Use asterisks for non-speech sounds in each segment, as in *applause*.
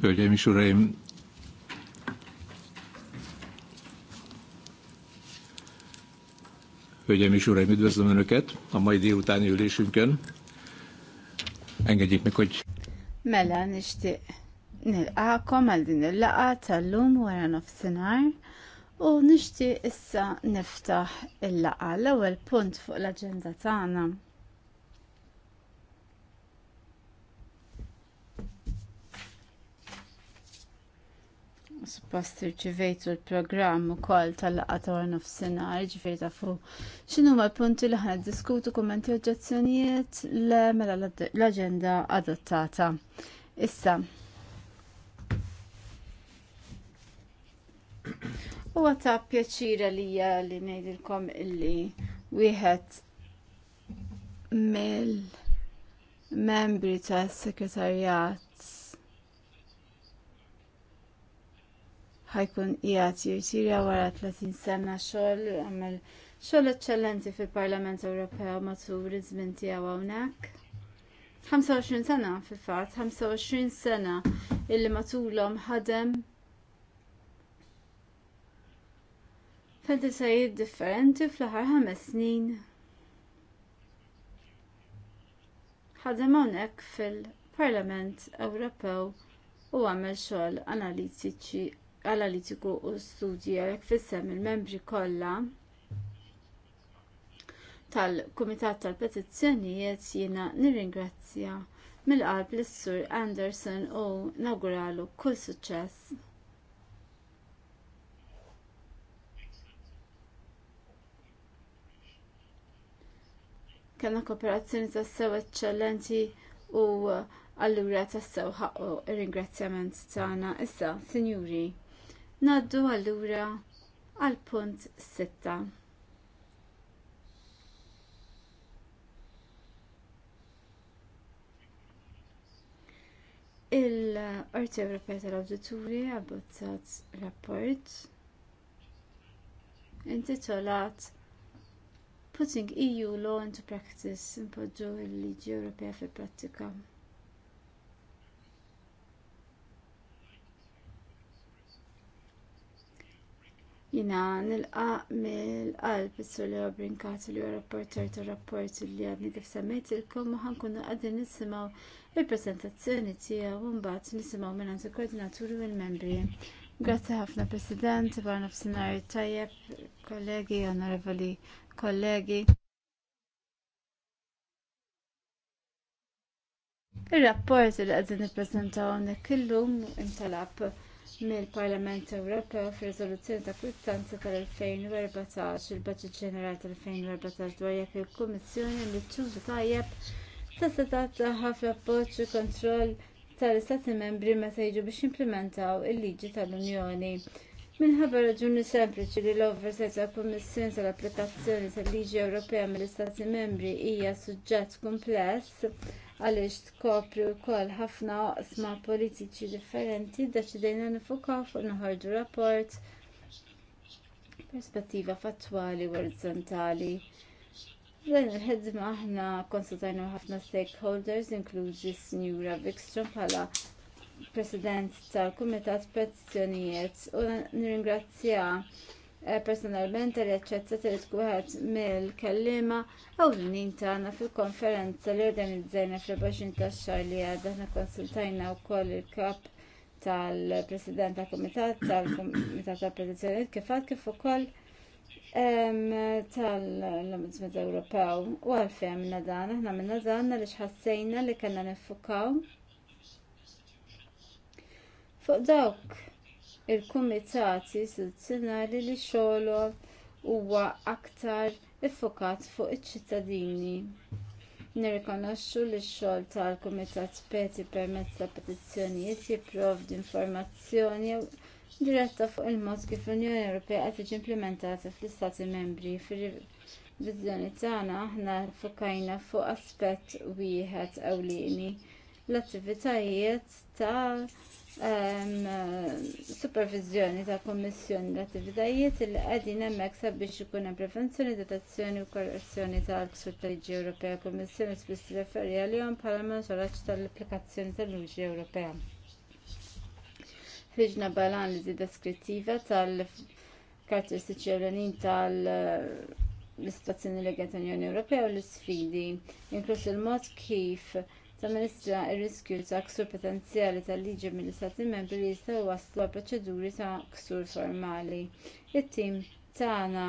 Hölgyeim és Uraim! Hölgyeim és Uraim, üdvözlöm Önöket a mai délutáni ülésünkön. Engedjék meg, hogy... Mela, nishtiq nilqakom għal din il-laqa tal-lum wara nofsinhar u nixtieq issa niftaħ il-laqa l-ewwel punt fuq l agenda tagħna. suppost irċivejtu l-programm ukoll tal-laqgħa ta' nofsinhar, ġifieri ta' fuq x'inhu ma' punti li ħana diskutu kommenti oġġezzjonijiet mela l-aġenda adottata. Issa. Huwa għata pjaċira li li ngħidilkom illi wieħed mill membri tas-sekretarjat ħajkun qiegħed jirtira wara 30 sena xogħol għamel xogħol eċċellenti fil-Parlament Ewropew matul iż-żmien tiegħu hawnhekk. 25 sena fil-fatt, 25 sena illi matulhom ħadem fil-disajid differenti fl-aħħar ħames snin. ħadem hawnhekk fil-Parlament Ewropew u għamel xogħol analitiċi analitiku u studji għalek fissem il-membri kollha tal-Kumitat tal-Petizzjonijiet jiena nirringrazzja mill-qalb lis sur Anderson u nawguralu kull suċċess. Kellna kooperazzjoni tas sew eċċellenti u allura sew ħaqqu ir-ringrazzjament tagħna issa, sinjuri. Naddu allura għal punt 6. Il-Qorti Ewropea tal-Awdituri abbozzat rapport intitolat Putting EU Law into Practice impoġġu il liġi Ewropea fil-Prattika. Jina nilqa mill-qalb is-sur li brinkat li huwa rapporter tar-rapport li għadni kif semmejtilkom u ħankunu qegħdin nisimgħu il-preżentazzjoni tiegħu u mbagħad nisimgħu minn il-koordinaturi u l-membri. Grazzi ħafna President, bar nofsinhar tajjeb, kollegi, onorevoli kollegi. Il-rapport li għadin nippreżentaw hawnhekk illum intalab mill-Parlament Ewropew fir-riżoluzzjoni ta' kwittanza tal-2014 il baġit Ġenerali tal-2014 dwar jekk il-Kummissjoni li tajjeb ta' setat tagħha fl-appoġġ u kontroll tal-Istati Membri meta jiġu biex jimplementaw il-liġi tal-Unjoni. Minħabba raġuni sempliċi li l-oversight tal kummissjoni tal-applikazzjoni tal-Liġi Ewropea mill-Istati Membri hija suġġett kumpless, għaliex tkopri wkoll ħafna oqsma politiċi differenti daċidejna nifukaw fuq noħorġu rapport perspettiva fattwali u orizzontali. Dan il-ħedma aħna konsultajna ħafna stakeholders inklużi Sinjura Vikstrom bħala President tal-Kumitat Petizzjonijiet u nirringrazzja Eh, personalment l-eċċetta trid wieħed mill-kellima ewlenin tagħna fil-konferenza li organizzajna fil-Baxin tax-xahar li għadda aħna konsultajna wkoll il-kap tal-President tal-Kumitat tal-Kumitat tal-Petizzjonijiet kif għad kif ukoll tal-Ombudsman Ewropew u għalfejn għamilna dan, aħna għamilna dan li ħassejna li kellna niffukaw fuq dawk il-kumitati istituzzjonali li xogħolhom huwa aktar iffokat fuq iċ-ċittadini. Nirrikonoxxu li x-xogħol tal-Kumitat Peti permezz ta' petizzjonijiet jipprovdi informazzjoni diretta fuq il-mod kif l-Unjoni Ewropea qed tiġi implementata fl-Istati Membri fir-reviżjoni tagħna aħna fokajna fuq aspett wieħed ewlieni l-attivitajiet tal- Eh, supervizjoni ta' kommissjoni ta' attivitajiet li qegħdin hemmhekk sabiex ikun hemm prevenzjoni, detazzjoni u korrezzjoni tal-ksur tal-liġi Ewropea. Kommissjoni spiss referi għalihom bħala monitoraġġ tal-applikazzjoni tal-liġi Ewropea. Ħriġna b'analiżi deskrittiva tal-karatteristiċi ewlenin tal- l-istazzjoni legata Unjoni Ewropea u l isfidi inkluż il-mod kif ta' ministra ir-riskju ta' ksur potenzjali tal-liġi mill-istati membri li jistgħu waslu għal proċeduri ta' ksur formali. It-tim tagħna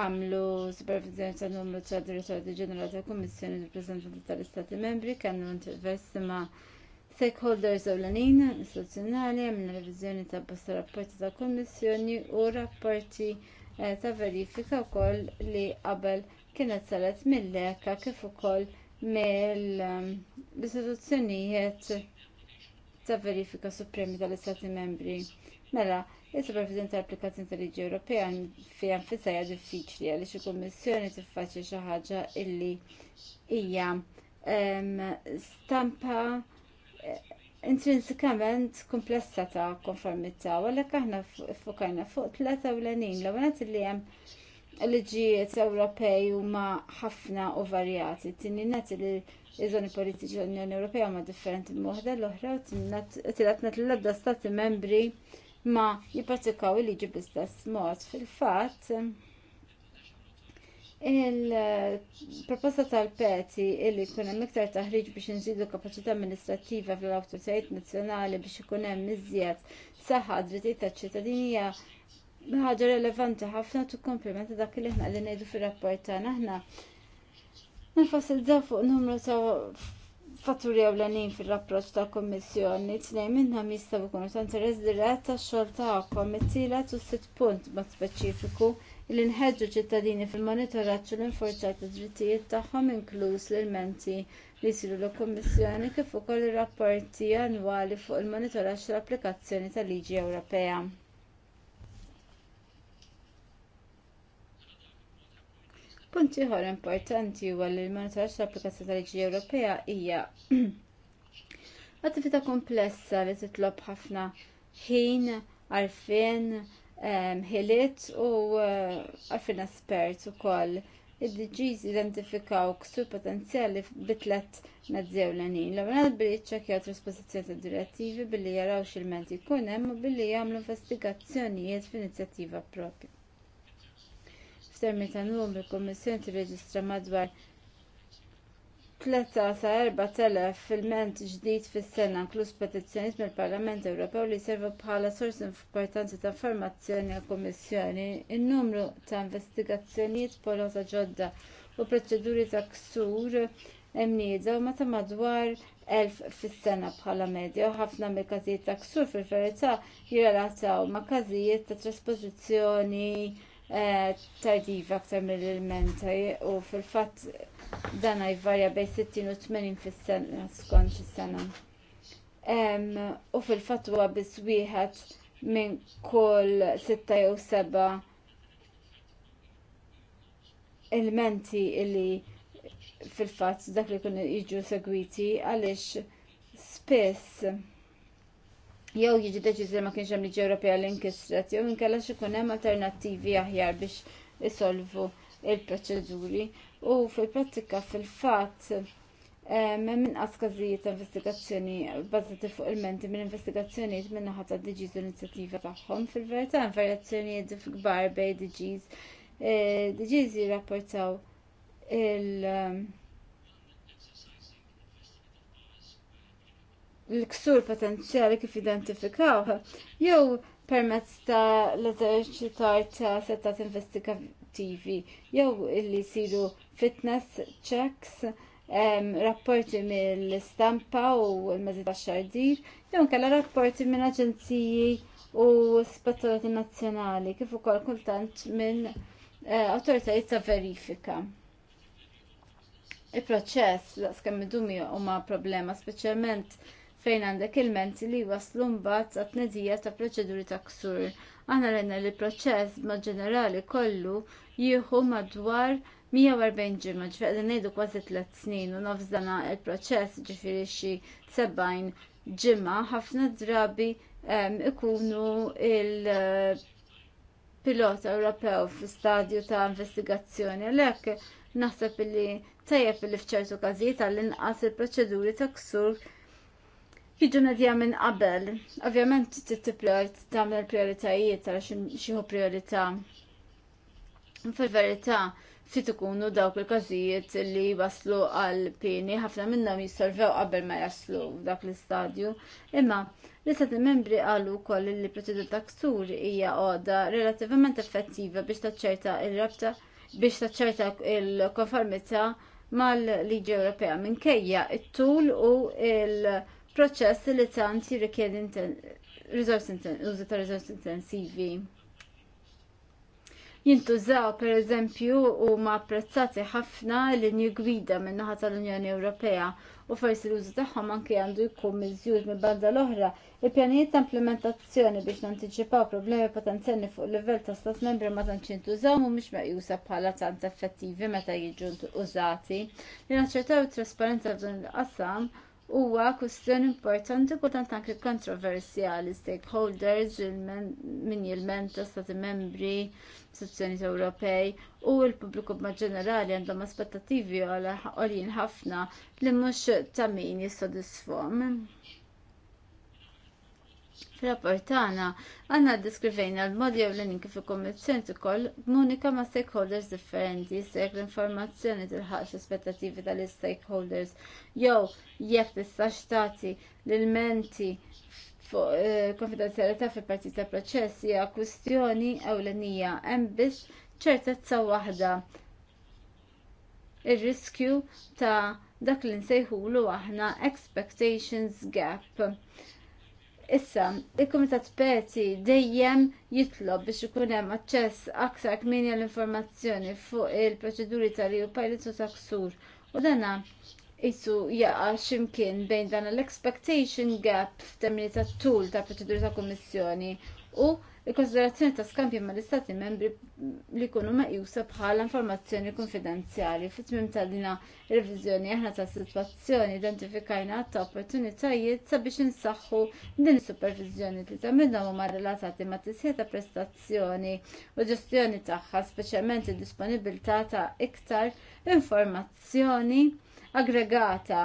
għamlu supervizjoni ta' numru ta' direttori ġenerali tal kummissjoni rappresentanti tal-Istati membri kellu intervesti ma' stakeholders ewlenin istituzzjonali għamlu reviżjoni ta' bosta rapporti tal kummissjoni u rapporti eh, ta' verifika wkoll li qabel kienet saret mill-leka kif ukoll mill-istituzzjonijiet ehm, ta' verifika supremi tal-Istati membri. Mela, il-Supervision tal-Applikat Intelliġi Ewropea fi anfisa diffiċli għaliex il-Kummissjoni tiffaċċja xi ħaġa illi hija ehm, stampa eh, intrinsikament komplessa ta' konformità, u għalhekk aħna fokajna fuq tleta u l ewwel l li hemm l-ġijiet Ewropej huma ħafna u varjati. Tinin nat li iżoni politiċi l-Unjoni Ewropea huma differenti moħda l-oħra u tilat l-labda stati membri ma jipatikaw il-liġi bl-istess mod. Fil-fat, il-proposta tal-peti illi jkun hemm iktar taħriġ biex nżidu kapaċità amministrattiva fl-awtoritajiet nazzjonali biex ikun hemm iżjed saħħa drittijiet taċ ċittadinija ħaġa relevanti ħafna tu komplimenta dak li ħna li ngħidu fir-rapport tagħna aħna nifassilżaw fuq numru ta' fatturi ewlenin fir-rapproċċ tal-Kummissjoni, tnejn minna mista bukunu ta' interess dirett tax-xogħol tagħkom it tu u sitt punt ma' speċifiku li nħeġġu ċittadini fil-monitoraġġ u l inforzat id drittijiet tagħhom inkluż l-menti li jsiru l-Kummissjoni kif ukoll ir-rapporti annwali fuq il-monitoraġġ tal-applikazzjoni tal-Liġi Ewropea. Punt ieħor importanti huwa li l-monitoraġġ tal-applikazzjoni tal-Liġi Ewropea hija *clears throat* attività komplessa li titlob ħafna ħin għarfien ehm, ħiliet u eh, għarfien espert ukoll. Id-DGs identifikaw ksur potenzjali bitlet mezzew l-għanin. L-għamil billi ċekjaw trasposizjoni ta' direttivi billi jaraw xil-menti kunem u billi jgħamlu investigazzjonijiet f'inizjattiva propja f'termi ta' numru il-Kummissjoni tirreġistra madwar 3 sa 4,000 filment ġdid fis-sena inkluż petizzjonijiet mill-Parlament Ewropew li servu bħala sors importanti ta' informazzjoni għall kummissjoni In-numru ta' investigazzjonijiet polota ġodda u proċeduri ta' ksur emnieda u meta madwar 1000 fis-sena bħala medja u ħafna mill-każijiet ta' ksur fil-verità jirrelataw ma' każijiet ta' trasposizzjoni tardiva aktar mill-elementa u fil-fatt dan jvarja bej 60 u 80 fis-sena skont is-sena. U fil-fatt huwa biss wieħed minn kull 6 jew 7 elementi li fil-fatt dak li kun jiġu segwiti għaliex spiss jew jiġi deċiżi ma kienx hemm liġi Ewropea li nkisret, jew inkella xi jkun hemm alternattivi aħjar biex isolvu il-proċeduri. U fil-prattika fil-fatt hemm inqas każijiet ta' investigazzjoni bbażati fuq il-menti minn investigazzjonijiet minn naħa ta' DGs l-inizjattiva tagħhom. Fil-verità hemm varjazzjonijiet kbar bejn DGs. Eh, DGs jirrapportaw il- l-ksur potenzjali kif identifikaw, jew permezz ta' l-eżerċitar ta' settat investigativi, jew illi jsiru fitness checks, rapporti mill-istampa u l-mezzi ta' xardir, jew kalla rapporti minn aġenziji u spettorati nazzjonali, kif ukoll kultant minn uh, eh, autoritajiet ta' verifika. Il-proċess, l-skemm idumi huma problema, speċjalment fejn għandek il-menti li waslu mbagħad għat tnedija ta' proċeduri ta' ksur. Aħna rajna li proċess ma' ġenerali kollu jieħu madwar 140 ġimma ġifieri ngħidu kważi tliet snin u nofs l il-proċess ġifieri xi 70 ġimma ħafna drabi ehm, ikunu il- pilota Ewropew fi stadju ta' investigazzjoni għalhekk naħseb li tajjeb li f'ċertu każijiet għall-inqas il-proċeduri ta' ksur Jidu nadja minn qabel, ovvjament t-tiplort tamel prioritajiet għal xieħu priorita. Fil-verita, fit ikunu dawk il-każijiet li waslu għal pini ħafna minnhom jissolvew qabel ma jaslu dak l-istadju, imma l il membri għallu koll li proċedur ta' ksur hija għoda relativament effettiva biex taċċerta il-rabta biex taċċerta il-konformità mal-liġi Ewropea minkejja it-tul u il- proċess li tant jirrikjedi użu ta' riżorsi intensivi. Jintużaw per eżempju u ma' apprezzati ħafna linju gwida minn naħa tal-Unjoni Ewropea u forsi l-użu tagħhom anke għandu jkun miżjur minn banda l-oħra, il-pjanijiet ta' implementazzjoni biex nanticipaw problemi potenzjali fuq livell ta' stat membri ma tantx jintużaw mhumiex meqjusa bħala tant effettivi meta jiġu użati. Li naċċertaw it-trasparenza f'dan il-qasam huwa kwistjoni importanti kultant anke kontroversjali stakeholders min jilmenta stati membri sezzjoni Ewropej u l-pubbliku ma' ġenerali għandhom aspettattivi għolin ħafna li mhux ta' min jissodisfhom. Rapportana, għanna diskrivejna l-modi u l għin kif ikom il-ċent ukoll munika ma' stakeholders differenti, jisek l-informazzjoni tilħaq l-aspettativi tal-stakeholders, jew jekk tistax tagħti l-menti fuq eh, konfidenzjalità fil partit ta' proċess hija kwistjoni ewlenija hemm biex ċertezza waħda ir-riskju ta' dak li nsejħulu għahna expectations gap Issa, il-Kumitat Peti dejjem jitlob biex ikun hemm aċċess aktar kmini għall-informazzjoni fuq il-proċeduri tal-EU pilot u taksur. U dana jisu jaqa ximkien bejn dan l-expectation gap f'termini tat tul tal proċeduri ta' kummissjoni u il-konsiderazzjoni ta' skambi ma' l-istati membri li kunu jusa bħala informazzjoni konfidenzjali. fit ta' dina revizjoni aħna ta' situazzjoni identifikajna ta' opportunitajiet sabiex nsaxħu din supervizjoni li ta' minna ma' relatati ma' tisħiet ta' prestazzjoni u ġestjoni tagħha speċjalment id-disponibilità ta' iktar informazzjoni aggregata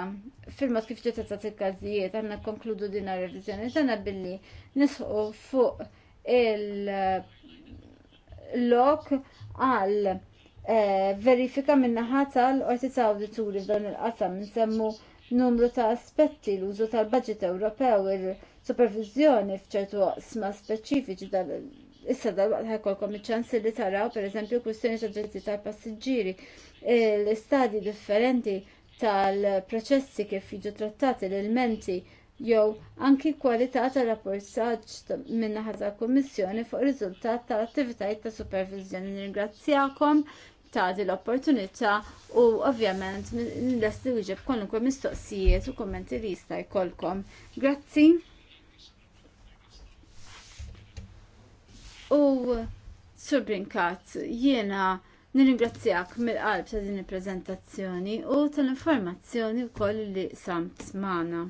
fil-mod kif ġiet ta' każijiet għandna konkludu din revizjoni tagħna billi nisħu fuq il-lok għal eh, verifika minnaħa tal-qorti ta' awdituri f'dan il-qasam nsemmu numru ta' aspetti l-użu tal-budget Ewropew il-supervizjoni f'ċertu qsma speċifiċi dal issa dal-waqt ħekolkom iċ ċansi li taraw pereżempju kwistjoni ta' dritti tal-passiġġieri, l-istadji differenti tal-proċessi kif jiġu trattati l-elementi jew anki kwalità tar-rapportaġġ min-naħa tal-Kummissjoni fuq riżultat tal-attivitajiet ta' supervizjoni. Ningrazzjakom ta' di l-opportunità u ovvjament nlesti wieġeb kwalunkwe mistoqsijiet u kummenti li jista' jkollkom. Grazzi. U Sur jiena nirringrazzjak mill-qalb ta' din il-prezentazzjoni u tal-informazzjoni wkoll li samt magħna.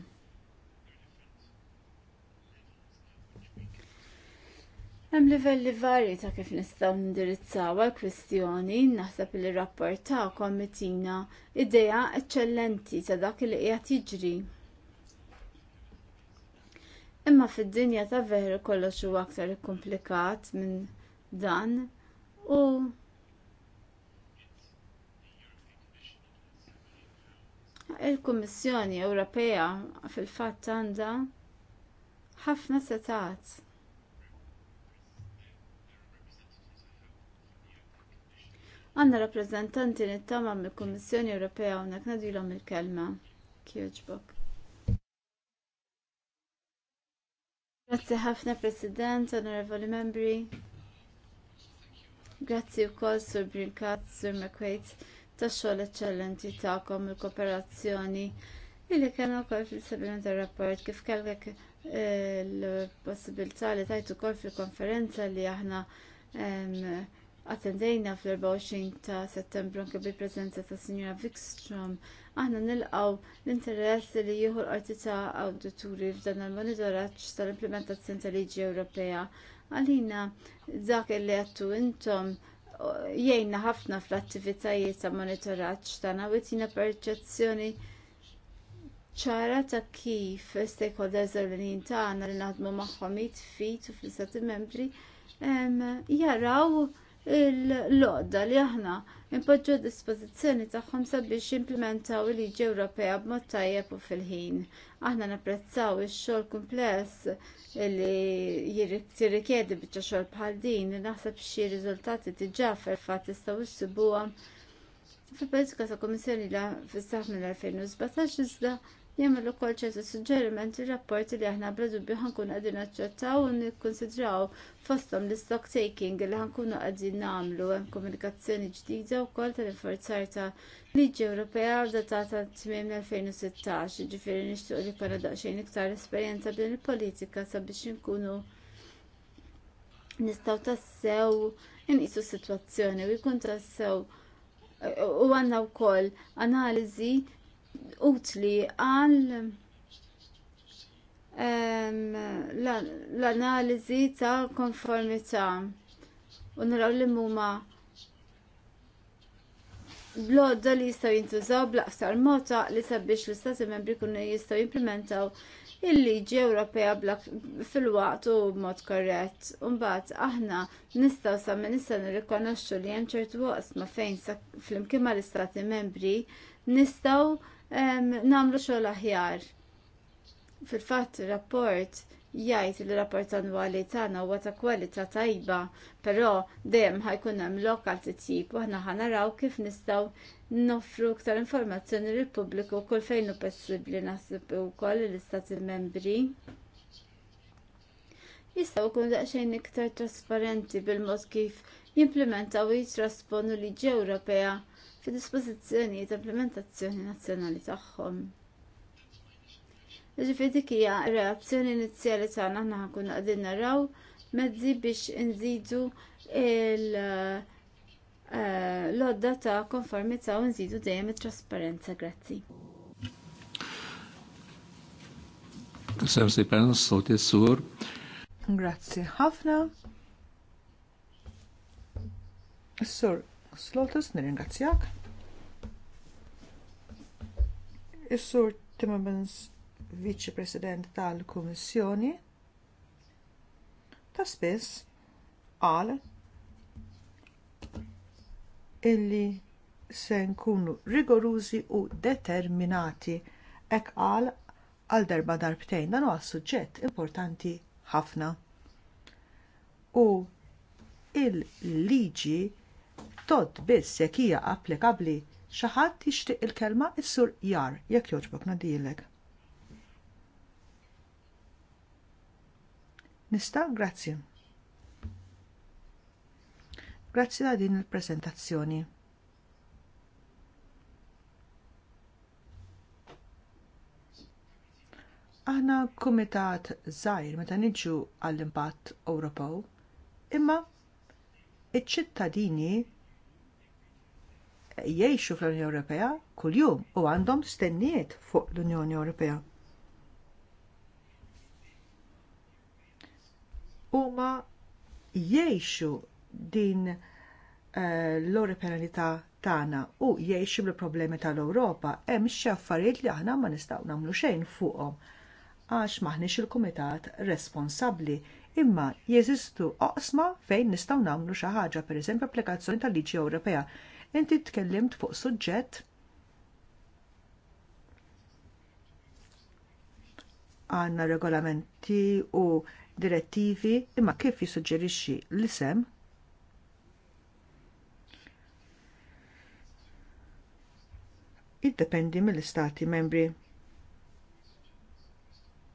Hemm livelli varji ta' kif nistgħu nindirizzaw għall-kwistjoni naħseb li r mitina idea eċċellenti ta' dak li qiegħed jiġri. Imma fid-dinja ta' veru kollox huwa aktar ikkomplikat minn dan u il-Kummissjoni Ewropea fil-fatt għandha ħafna setat. Għanna rappresentanti nittama mill kummissjoni Ewropea unek nadilom il-kelma. Kjoġbok. Grazie ħafna President, Onorevoli Membri. Grazzi u koll Sur Brinkat, Sur McQuaid, ta' xogħol eċċellenti tagħkom il-kooperazzjoni illi kena wkoll fil-sabiment tar-rapport kif kellek eh, l-possibilità li tajtu wkoll fil-konferenza li aħna attendejna fl-24 ta' settembru anke bil prezenza ta' Sinjora Vikstrom, aħna nilqaw l-interess li jieħu l-qorti ta' awdituri f'dan il-monitoraġġ tal-implementazzjoni tal-Liġi Ewropea. Għalina dak li għattu intom jgħinna ħafna fl-attivitajiet ta' monitoraġġ tagħna u jtina perċezzjoni ċara ta' kif stakeholders ta' tagħna li naħdmu magħhom fit u fl-istati membri jaraw il loqda li aħna impoġġu dispożizzjoni tagħhom sabiex jimplementaw il-liġi Ewropea b'mod tajjeb u fil-ħin. Aħna napprezzaw ix-xogħol kumpless li jirrikjedi biċċa xogħol bħal din li naħseb xi riżultati diġà fil-fatt jistgħu jsibuhom fil-politika ta' Kummissjoni la fis-saħ mill-2017 iżda jagħmel ukoll ċertu suġġerimenti rapporti li aħna bla dubju ħankun qegħdin naċċettaw u nikkonsidraw fosthom l-stock taking li nkunu qegħdin nagħmlu hemm komunikazzjoni ġdida wkoll tal-infurzar ta' liġi Ewropea datata tmiem 2016, ġifieri nixtieq li jkollna daqsxejn iktar esperjenza b'din il-politika sabiex inkunu nistaw tassew inqisu s-sitwazzjoni u jkun tassew u għanna wkoll analiżi. analizi utli għal l-analizi ta' konformità u naraw li muma blodda li jistaw jintużaw blaqsar mota li sabiex l-istati membri kunu jistaw implementaw il-liġi Ewropea fil-waqt u mod korrett. Umbat, aħna nistaw sa' nista' nirrikonoxxu li hemm ċertu waqsma fejn fl-imkien mal-istati membri nistgħu nagħmlu xogħol aħjar. Fil-fatt rapport jgħid li rapport annwali tagħna huwa ta' kwalità tajba, però dejjem ħajkun hemm lokal titjib u aħna ħanaraw kif nistgħu noffru iktar informazzjoni lil pubbliku kull fejn hu possibbli naħseb ukoll l-istati membri. Jistgħu kun daqsxejn iktar trasparenti bil-mod kif jimplementaw u jitrasponu liġi Ewropea fi dispożizzjonijiet ta' implementazzjoni nazzjonali tagħhom. Ġifieri dik hija reazzjoni inizjali tagħna aħna ħankun qegħdin naraw mezzi biex inżidu il eh, għodda ta' konformità u nżidu dejjem it-trasparenza. Grazzi. Grazzi ħafna. Sur Slotus, nirringrazzjak. Is-Sur Timmermans, Vice President tal-Kummissjoni, ta' spiss qal illi se nkunu rigorużi u determinati hekk qal għal darba darbtejn dan huwa suġġett importanti ħafna. U il-liġi Tod biss jekk hija applikabbli xi ħadd jixtieq il-kelma issur sur jar jekk jogħġbok nadilek. Nista' grazzi. Grazzi għal din il-presentazzjoni. Aħna kumitat żgħir meta niġu għall-impatt Ewropew, imma iċ-ċittadini jiexu fl-Unjoni Ewropea kuljum u għandhom stennijiet fuq l-Unjoni Ewropea. Huma jgħixu din uh, eh, l-Europeanità tagħna u jgħixu bl problemi tal-Ewropa hemm xi affarijiet li aħna ma nistgħu nagħmlu xejn fuqhom għax maħniex il-kumitat responsabbli imma jeżistu oqsma fejn nistgħu nagħmlu xi ħaġa pereżempju applikazzjoni tal-liġi Ewropea Inti tkellimt fuq suġġett għanna regolamenti u direttivi imma kif jissuġġerixxi l-isem jiddependi mill-istati membri.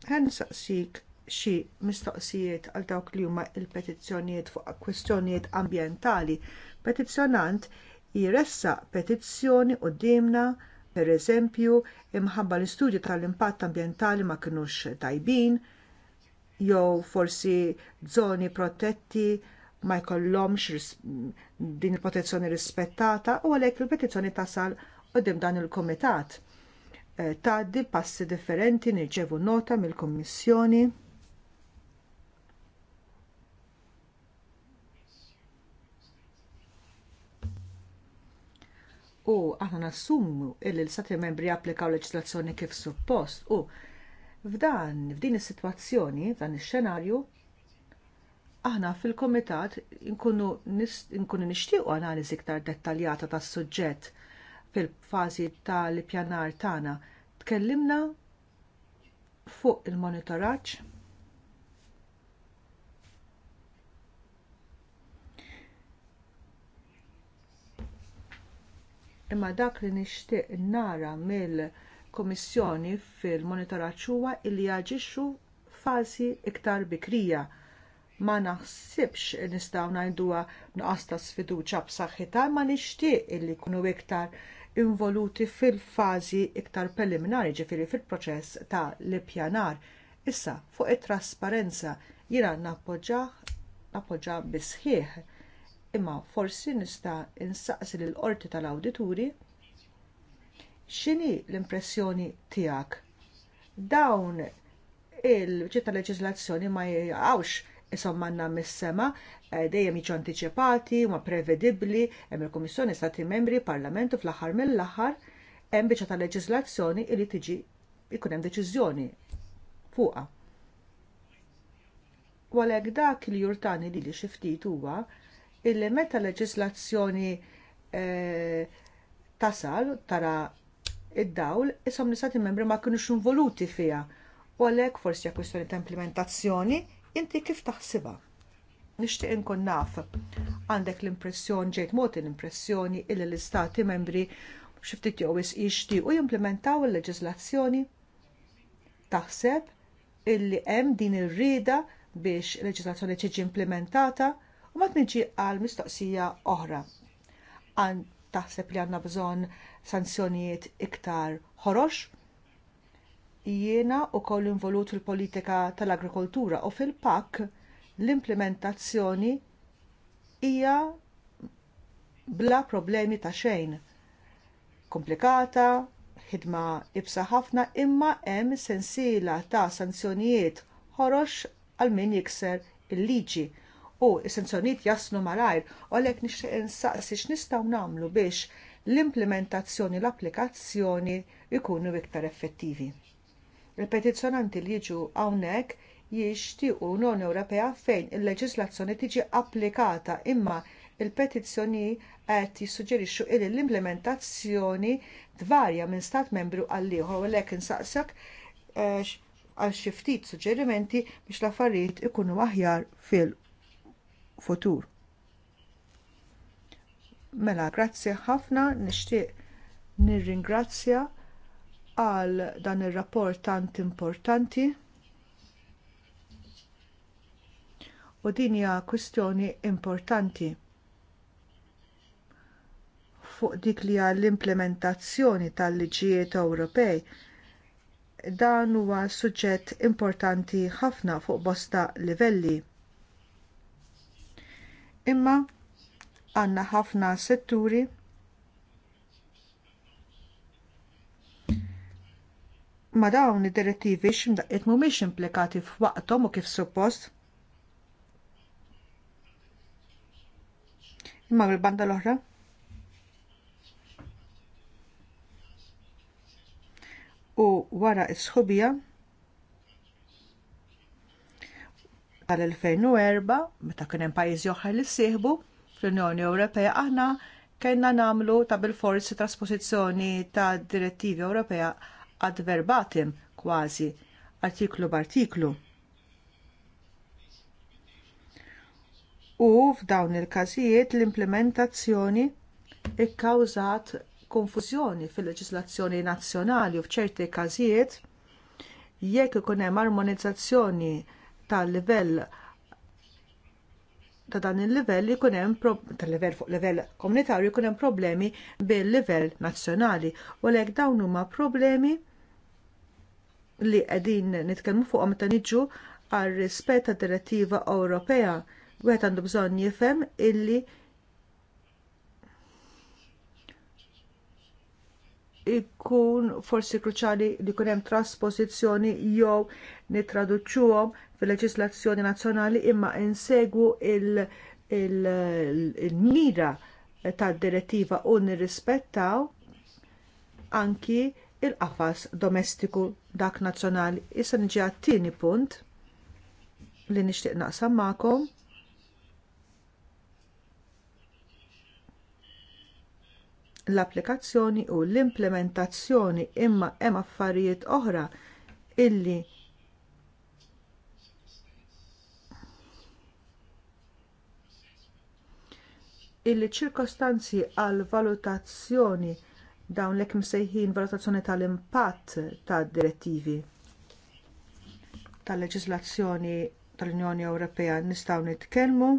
Għan saqsik xi mistoqsijiet għal dawk li huma l petizzjonijiet fuq kwistjonijiet ambjentali. Petizzjonant jressaq petizzjoni quddiemna pereżempju imħabba l-istudju tal-impatt ambjentali ma kinux tajbin, jew forsi żoni protetti ma jkollhomx din il-protezzjoni rispettata u għalhekk il-petizzjoni tasal qudiem dan il kumitat eh, Tgħaddi passi differenti nirċevu nota mill-Kummissjoni u aħna nassummu illi l-Stati membri applikaw leġislazzjoni kif suppost u f'dan, f'din is-sitwazzjoni, f'dan ix-xenarju, aħna fil-komitat nkunu nixtiequ analiżi iktar dettaljata tas-suġġett fil-fażi tal-ippjanar tagħna. Tkellimna fuq il-monitoraġġ imma dak li nixtieq nara mill-Kummissjoni fil-monitoraġġ huwa li jaġixxu falsi iktar bikrija. Ma naħsibx nistgħu ngħiduha nuqqas ta' sfiduċa b'saħħitha ma nixtieq illi jkunu iktar involuti fil-fażi iktar preliminari ġifieri fil-proċess ta' l-ippjanar. Issa fuq it-trasparenza jiena nappoġġah appoġġa bisħieħ imma forsi nista' insaqsi lil qorti tal-awdituri x'inhi l-impressjoni tiegħek dawn il-ċitta leġiżlazzjoni ma jgħawx isom manna mis-sema eh, dejjem jiġu antiċipati, huma prevedibbli, hemm il-Kummissjoni Stati Membri, Parlamentu fl-aħħar mill-aħħar hemm biċċa ta' leġiżlazzjoni li tiġi jkun hemm deċiżjoni fuqha. Walek dak li jurtani li li xi ftit huwa illi meta leġislazzjoni eh, tasal tara id-dawl, isom nisati membri ma kinux involuti fiha. U għalhekk forsi hija kwistjoni ta' implementazzjoni, inti kif taħsibha? Nixtieq inkun naf. Għandek l-impressjoni ġejt mogħti l-impressjoni illi l-istati membri xi ftit jew jixtiequ jimplementaw il-leġislazzjoni. Taħseb illi hemm din ir-rieda biex leġislazzjoni tiġi implementata U ma niġi għal mistoqsija oħra. Għan taħseb li għanna bżon sanzjonijiet iktar ħorox? Jiena u koll involut fil-politika tal-agrikoltura u fil-pak l-implementazzjoni hija bla problemi ta' xejn. Komplikata, ħidma ibsa ħafna imma hemm sensiela ta' sanzjonijiet ħorox għal min jikser il-liġi u s jasnu jaslu malajr u għalek nixtieq insaqsi x'nistgħu nagħmlu biex l-implementazzjoni l-applikazzjoni ikunu iktar effettivi. Il-petizzjonanti li jiġu hawnhekk jixtiequ Unjoni Ewropea fejn il-leġislazzjoni tiġi applikata imma il-petizzjoni qed jissuġġerixxu li l-implementazzjoni tvarja minn stat membru għal ieħor għalhekk insaqsak eh, għal xi ftit suġġerimenti biex l-affarijiet ikunu aħjar fil futur. Mela, grazzi ħafna, nixtieq nirringrazzja għal dan ir rapport tant importanti. u din hija kwistjoni importanti fuq dik li hija l-implementazzjoni tal-liġijiet Ewropej. Dan huwa suġġett importanti ħafna fuq bosta livelli imma għandna ħafna setturi ma dawn id-direttivi x'imdaqqiet mhumiex implikati f'waqthom u kif suppost. Imma mill-banda l-oħra, u wara s sħubija tal-2004, meta kien hemm pajjiżi oħra li sieħbu fl-Unjoni Ewropea, aħna kellna nagħmlu ta' bilforsi trasposizzjoni ta' direttivi Ewropea ad verbatim kważi artiklu b'artiklu. U f'dawn il-każijiet l-implementazzjoni ikkawżat konfużjoni fil-leġislazzjoni nazzjonali u f'ċerti każijiet jekk ikun hemm armonizzazzjoni tal-livell ta' dan il-livell jkun hemm tal-livell fuq livell komunitarju jkun hemm problemi bil-livell nazzjonali u għalhekk dawn huma problemi li qegħdin nitkellmu fuqhom meta niġu għar rispett tad direttiva Ewropea. Wieħed għandu bżonn jifhem illi ikun forsi kruċali li jkun hemm trasposizzjoni jew nitraduċuhom fil-leġislazzjoni nazzjonali imma insegwu il-mira tad-direttiva u nirrispettaw anki il-qafas domestiku dak nazzjonali. Issa niġi għat-tieni punt li nixtieq naqsam magħkom. l-applikazzjoni u l-implementazzjoni imma hemm affarijiet oħra illi Il ċirkostanzi għal valutazzjoni dawn l msejħin valutazzjoni tal-impatt tad direttivi tal-leġislazzjoni tal-Unjoni Ewropea nistgħu nitkellmu.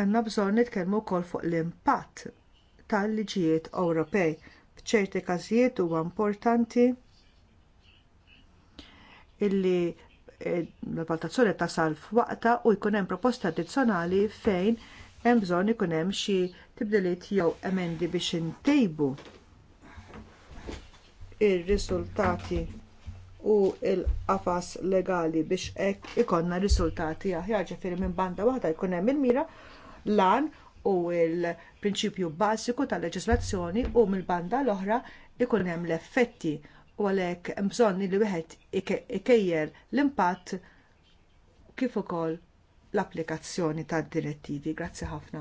hemm bżonn nitkellmu wkoll fuq l-impatt tal-liġijiet Ewropej. F'ċerti każijiet huwa importanti illi l-valutazzjoni tasal f'waqta u jkun hemm proposta addizzjonali fejn hemm bżonn ikun hemm xi tibdiliet jew emendi biex intejbu ir-riżultati u l qafas legali biex hekk ikonna riżultati aħjar ġifieri minn banda waħda jkun hemm il-mira lan u l prinċipju bażiku tal-leġislazzjoni u mill-banda l-oħra ikun hemm l-effetti u għalhekk hemm bżonn li wieħed ikejjer l-impatt kif ukoll l-applikazzjoni tad-direttivi. Grazzi ħafna.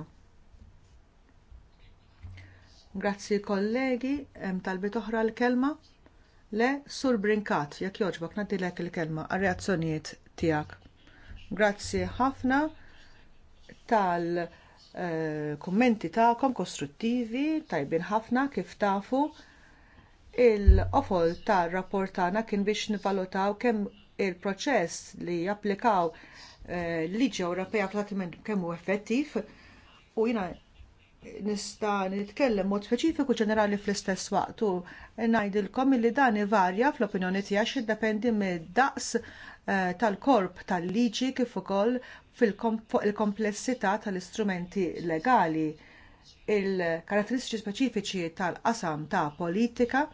Grazzi kollegi, hemm talbiet oħra l-kelma. Le, sur brinkat, jekk jogħġbok nadilek il-kelma għal-reazzjonijiet tiegħek. Grazzi ħafna tal- eh, kummenti tagħkom konstruttivi, tajbin ħafna kif tafu Il-qofol tar rapport tagħna kien biex nivalutaw kemm il-proċess li japplikaw l-liġi eh, Ewropea fl-attiment kemm hu effettiv u jiena nista nitkellem mod speċifiku ġenerali fl-istess waqt u ngħidilkom li dan ivarja fl-opinjoni tiegħi jiddependi mid-daqs eh, tal-korp tal-liġi kif ukoll fuq il-komplessità tal-istrumenti legali il-karatteristiċi speċifiċi tal-qasam ta' politika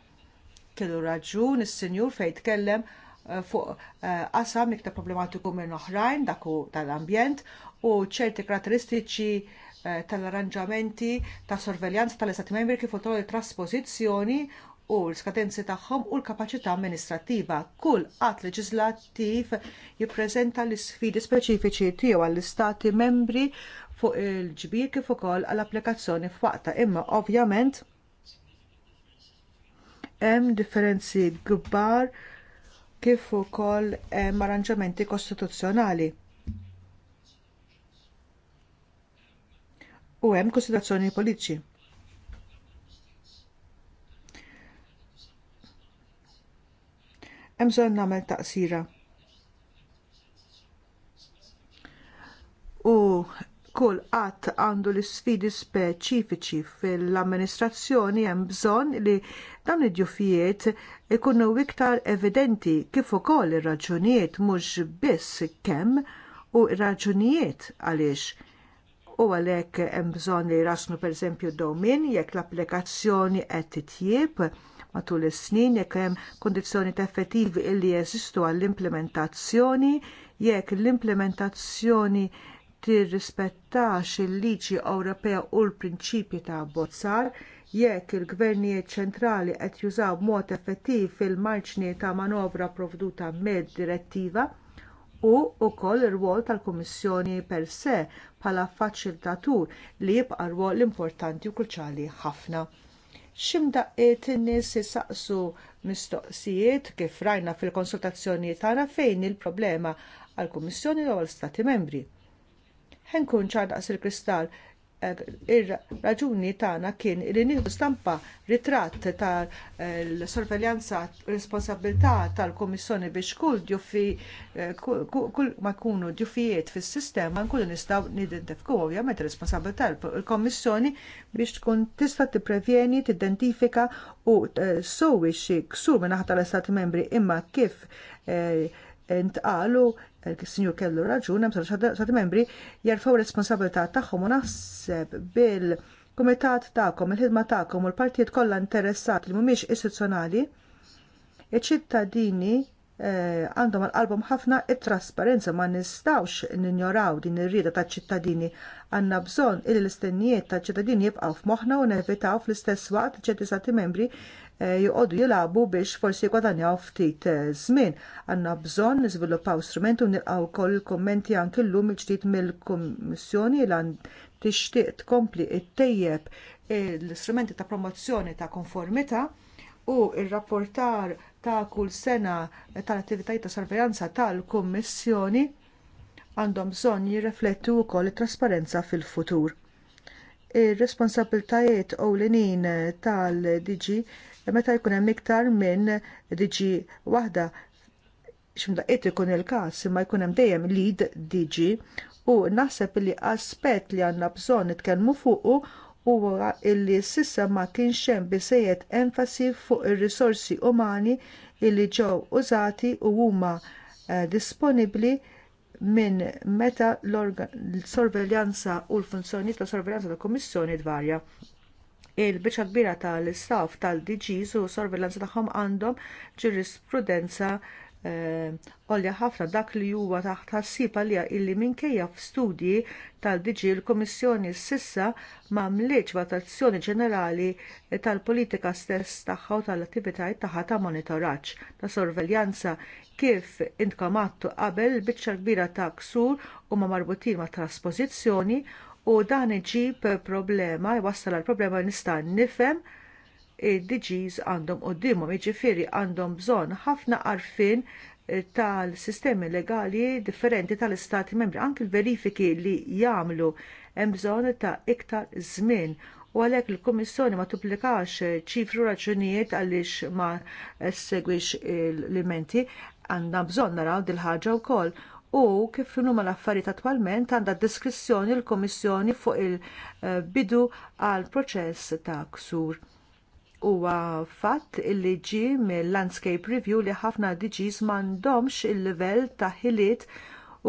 kellu raġun is-sinjur fejn tkellem eh, fuq eh, qasam iktar problematiku minn oħrajn daku tal-ambjent u ċerti karatteristiċi eh, tal-arranġamenti ta' sorveljanza tal-Istati Membri kif ukoll il-trasposizzjoni u l-skadenzi tagħhom u l-kapaċità amministrattiva. Kull qatt leġislattiv jippreżenta l-isfidi speċifiċi tiegħu għall-istati membri fuq il-ġbir kif ukoll għall-applikazzjoni f'waqta imma ovvjament hemm differenzi kbar kif ukoll hemm arranġamenti kostituzzjonali. U hemm konsiderazzjoni politiċi. Hemm bżonn nagħmel taqsira. U kull qatt għandu l isfidi speċifiċi fil-amministrazzjoni hemm bżonn li dawn id-djufijiet ikunu iktar evidenti kif ukoll ir-raġunijiet mhux biss kemm u raġunijiet għaliex u għalhekk hemm bżonn li jrasnu pereżempju d-domin jekk l-applikazzjoni qed titjieb matul is-snin jekk hemm kundizzjoni effettivi illi jeżistu għall-implementazzjoni jekk l-implementazzjoni tirrispettax il-liġi Ewropea u l-prinċipji ta' bozzar jekk il-gvernijiet ċentrali qed jużaw mod effettiv il-marġni ta' manovra provduta mid direttiva u ukoll ir-rwol tal-Kummissjoni per se bħala faċilitatur li jibqa' rwol importanti u kruċjali ħafna. X'imdaqqiet in-nies isaqsu mistoqsijiet kif rajna fil-konsultazzjoni tagħna fejn il-problema għall-Kummissjoni jew għall-Stati Membri ħenkun ċardaqs il-kristall er, ir-raġuni tagħna kien li nieħdu stampa ritratt tal-sorveljanza responsabilità tal-Kummissjoni biex kull ġuffi eh, kull ma jkunu ġuffijiet fis-sistema nkunu nistgħu nidentifikaw ovvjament responsabilità l-Kommissjoni biex tkun tista' tipprevjeni, tidentifika u eh, sowi xi ksur minn aħta l-Istati Membri imma kif eh, intqalu il-Sinjur eh, kellu raġun, hemm sati membri jarfaw responsabilità tagħhom u naħseb bil kumitat tagħkom, il-ħidma tagħkom u l-partijiet kollha interessati li mhumiex istituzzjonali, iċ-ċittadini eh, għandhom eh, għal ħafna it-trasparenza ma nistawx ninjoraw din ir-rieda taċ-ċittadini. Għandna bżonn il l-istennijiet taċ-ċittadini jibqgħu f'moħħna u nevitaw fl-istess waqt ċerti stati membri Eh, joqogħdu jilagħbu biex forsi jgwadanjaw ftit eh, żmien. Għanna bżonn niżviluppaw strumenti u nilqaw wkoll il-kummenti anke llum il-ġdid mill-Kummissjoni lan tixtieq tkompli ttejjeb l-istrumenti ta' promozzjoni ta' konformità u r rapportar ta' kull sena tal-attivitajiet ta' sorveljanza tal-Kummissjoni għandhom bżonn jirreflettu wkoll it trasparenza fil-futur. Ir-responsabiltajiet ewlenin tal-DG meta jkun hemm iktar minn diġi waħda x'imda qed ikun il-każ imma jkun hemm dejjem lead diġi u naħseb li aspett li għandna bżonn nitkellmu fuqu huwa illi sissa ma kienx hemm biżejjed enfasi fuq ir-risorsi umani illi ġew użati u huma eh, disponibbli minn meta l-sorveljanza u l-funzjonijiet tas sorveljanza tal-Kummissjoni dvarja il-biċċa kbira tal-istaff tal-DGs u sorvellanza tagħhom għandhom ġurisprudenza eh, għolja ħafna dak li huwa taħt ħassiba li illi minkejja f'studji tal-diġi l kummissjoni sissa ma mliċ valutazzjoni ġenerali tal-politika stess tagħha u tal-attivitajiet tagħha ta' monitoraġġ ta' sorveljanza kif intkom qabel biċċa kbira ta' ksur huma marbutin mat trasposizzjoni u dan iġib problema, jwassal għal problema nista' nifem id-DGs għandhom qudiemhom, iġifiri għandhom bżonn ħafna arfin eh, tal-sistemi legali differenti tal-istati membri, anki l-verifiki li jagħmlu hemm bżonn ta' iktar żmien u għalhekk il-Kummissjoni ma tupplikax ċifru raġunijiet għaliex ma segwix l-elementi għandna bżonn naraw dil ħaġa wkoll u kif numa l-affarijiet attwalment għandha diskrizzjoni l-Komissjoni fuq il-bidu għal proċess ta' ksur. Huwa fatt illi ġi mill-landscape review li ħafna diġis m'għandhomx il-livell ta' ħiliet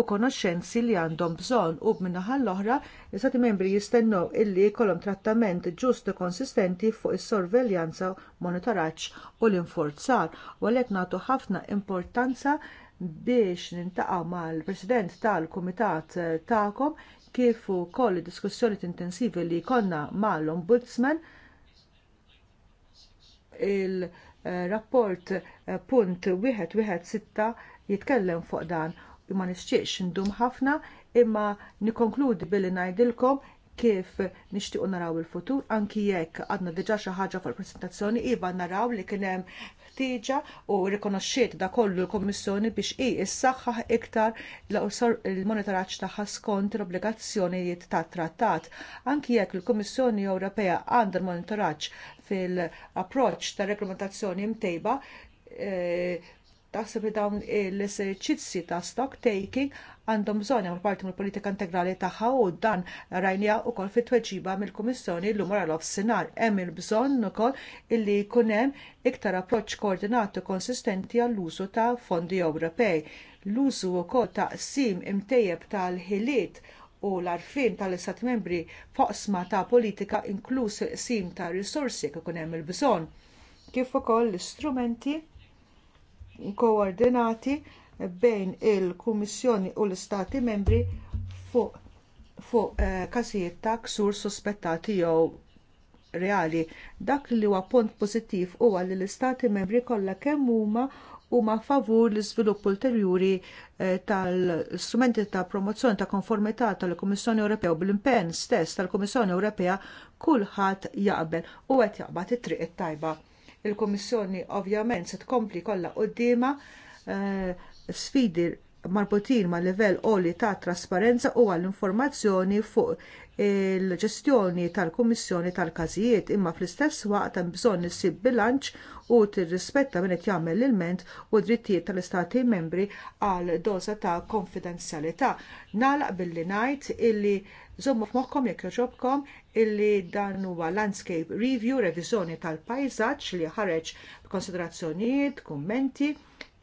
u konoxxenzi li għandhom bżonn u b'minnaħa l-oħra l-istati membri jistennu illi jkollhom trattament ġust u konsistenti fuq is-sorveljanza, monitoraġġ u l-infurzar u għalhekk nagħtu ħafna importanza biex nintaqgħu mal-President tal-Kumitat eh, tagħkom kif ukoll id diskussjoni intensivi li jkollna mal-Ombudsman il-rapport eh, punt wieħed wieħed sitta jitkellem fuq dan imma nixtieqx ndum ħafna imma nikkonkludi billi ngħidilkom kif nixtiequ naraw il-futur anki jekk għadna diġà xi ħaġa fuq il-presentazzjoni iva naraw li kien hemm meħtieġa u rikonoxxiet da kollu l-Kommissjoni biex i issaħħa iktar il-monitoraġġ tagħha skont l-obbligazzjonijiet tat trattat. Anki jekk il-Kummissjoni Ewropea għandha l-monitoraġġ fil-approċċ ta' reglamentazzjoni mtejba, eh, taħseb li dawn l-eserċizzi ta' stock taking għandhom bżonn hemm parti mill-politika integrali tagħha u dan rajnija wkoll fit-tweġiba mill-Kummissjoni llum wara l-offsinar hemm il-bżonn ukoll illi jkun hemm iktar approċċ koordinat u konsistenti għall-użu ta' fondi Ewropej. L-użu wkoll ta' sim imtejjeb tal-ħiliet u l għarfien tal-Istati Membri foqsma ta' politika inkluż sim ta' risorsi kif hemm il-bżonn kif ukoll l-istrumenti koordinati bejn il-Kummissjoni u l-Istati membri fuq eh, każijiet ta' ksur suspettati jew reali. Dak li huwa punt pożittiv huwa li l-Istati membri kollha kemm huma huma favur l-iżvilupp ulterjuri eh, tal-strumenti ta' promozzjoni ta' konformità tal-Kummissjoni Ewropea u bl-impenn stess tal-Kummissjoni Ewropea kulħadd jaqbel u qed jaqbad it-triq it-tajba. Il-Kummissjoni ovvjament se tkompli kollha qudiema eh, sfidi marbutin mal livell għoli ta' trasparenza u għall-informazzjoni fuq il-ġestjoni tal-Kummissjoni tal-Każijiet imma fl-istess waqt hemm bżonn issib bilanċ u tirrispetta min qed jagħmel l-ilment u drittijiet tal-Istati membri għal doza ta' konfidenzjalità. Nagħlaq billi ngħid illi żommu f'moħħkom jekk jogħġobkom illi dan huwa landscape review, revizjoni tal pajżaġġ li ħareġ konsiderazzjonijiet, kummenti,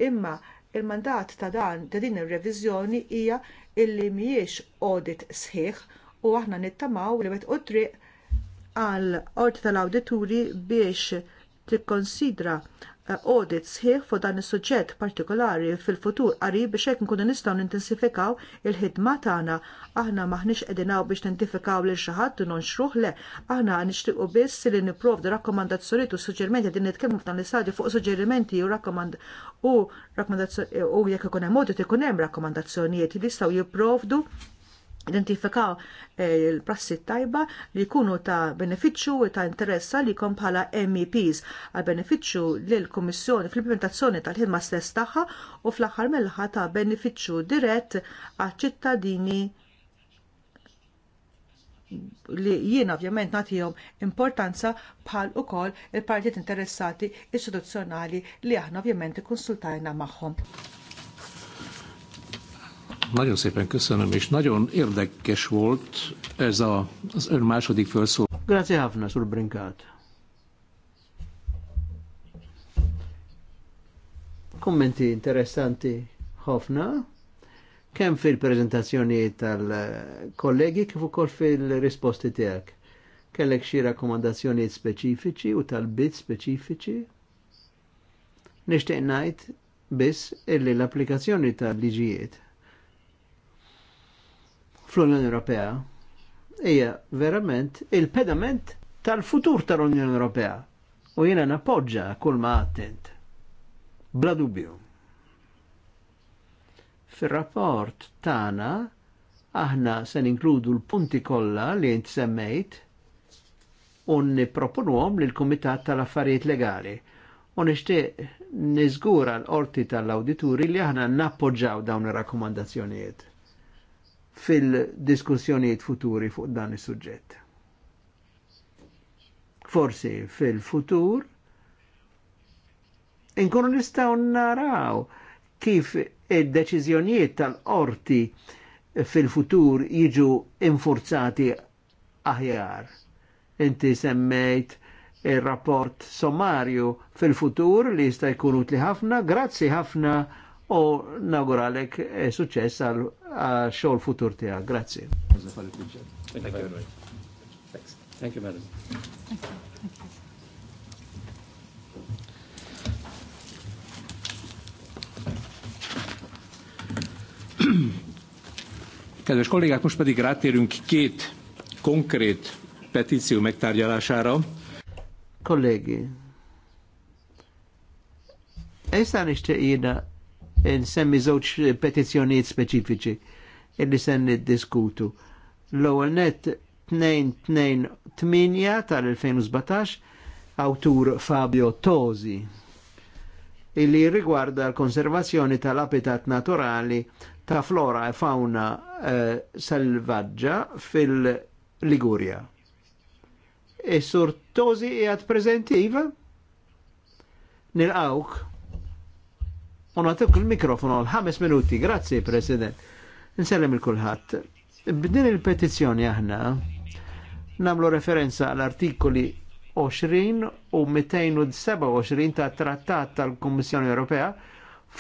imma il-mandat ta' dan ta' din ir-reviżjoni hija illi mhijiex audit sħiħ u aħna nittamaw li qed triq għal qorti tal-awdituri biex tikkonsidra Eh, audit sħiħ fuq dan is-suġġett partikolari fil-futur qarib biex hekk nkunu nistgħu nintensifikaw il-ħidma tagħna. Aħna maħniex qegħdin biex nintifikaw lil xi ħadd u nonxruh le, aħna nixtiequ biss li nipprovdu rakkomandazzjonijiet u suġġerimenti qegħdin nitkellmu f'dan l-istadju fuq suġġerimenti u rakkomand u rakkomandazzjoni u jekk ikun hemm audit ikun hemm rakkomandazzjonijiet li jistgħu jipprovdu identifikaw eh, il-prassi tajba li jkunu ta' benefiċċju u ta' interessa li jkun bħala MEPs għal benefiċċju lill kummissjoni fl-implementazzjoni tal-ħidma stess tagħha u fl-aħħar mill-aħħar ta' benefiċċju dirett għal ċittadini li jien ovvjament nagħtihom importanza bħal ukoll il-partijiet interessati istituzzjonali li aħna ovvjament ikkonsultajna magħhom. Nagyon szépen köszönöm, és nagyon érdekes volt ez a, az ön második felszó. Grazie, Hafna, sur Brinkát. Kommenti interessanti ħafna, kemm fil-prezentazzjoni tal-kollegi kif ukoll fil-risposti tiegħek. Kellek xi rakkomandazzjonijiet speċifiċi u tal-bit speċifiċi? Nixtieq ngħid biss illi l-applikazzjoni tal-liġijiet fl-Unjoni Ewropea hija verament il-pedament tal-futur tal-Unjoni Ewropea u jiena nappoġġa kull ma attent. Bla dubju. Fir-rapport tagħna aħna se ninkludu l-punti kollha li int semmejt u nipproponuhom lill-Kumitat tal-Affarijiet Legali u nixtieq niżgura l-qorti tal-awdituri li aħna nappoġġaw dawn ir-rakkomandazzjonijiet fil-diskussjonijiet futuri fuq dan is-suġġett. Forsi fil-futur inkunu nistgħu naraw kif id-deċiżjonijiet tal-qorti fil-futur jiġu infurzati aħjar. Inti semmejt il-rapport sommarju fil-futur li jista' jkunu ħafna, grazzi ħafna u nawguralek eh, suċess għal xogħol futur tiegħek. Grazzi. Thank you. madam. Kedves kollégák, most pedig rátérünk két konkrét petíció megtárgyalására. Kollégi, ezt Issa te jiena nsemmi żewġ petizzjonijiet speċifiċi illi se niddiskutu. L-ewwel net 228 tal-2017 awtur Fabio Tosi illi rigwarda l-konservazzjoni tal apitat naturali ta' flora e fauna eh, selvaġġa fil-Liguria. E sur Tosi jgħat prezentiva? Nil-awk? Unatuk il-mikrofonu għal ħames minuti, grazzi President. Nsellem il-kulħat. B'din il-petizjoni aħna namlu referenza l artikoli 20 u 227 ta' trattat tal-Kommissjoni Ewropea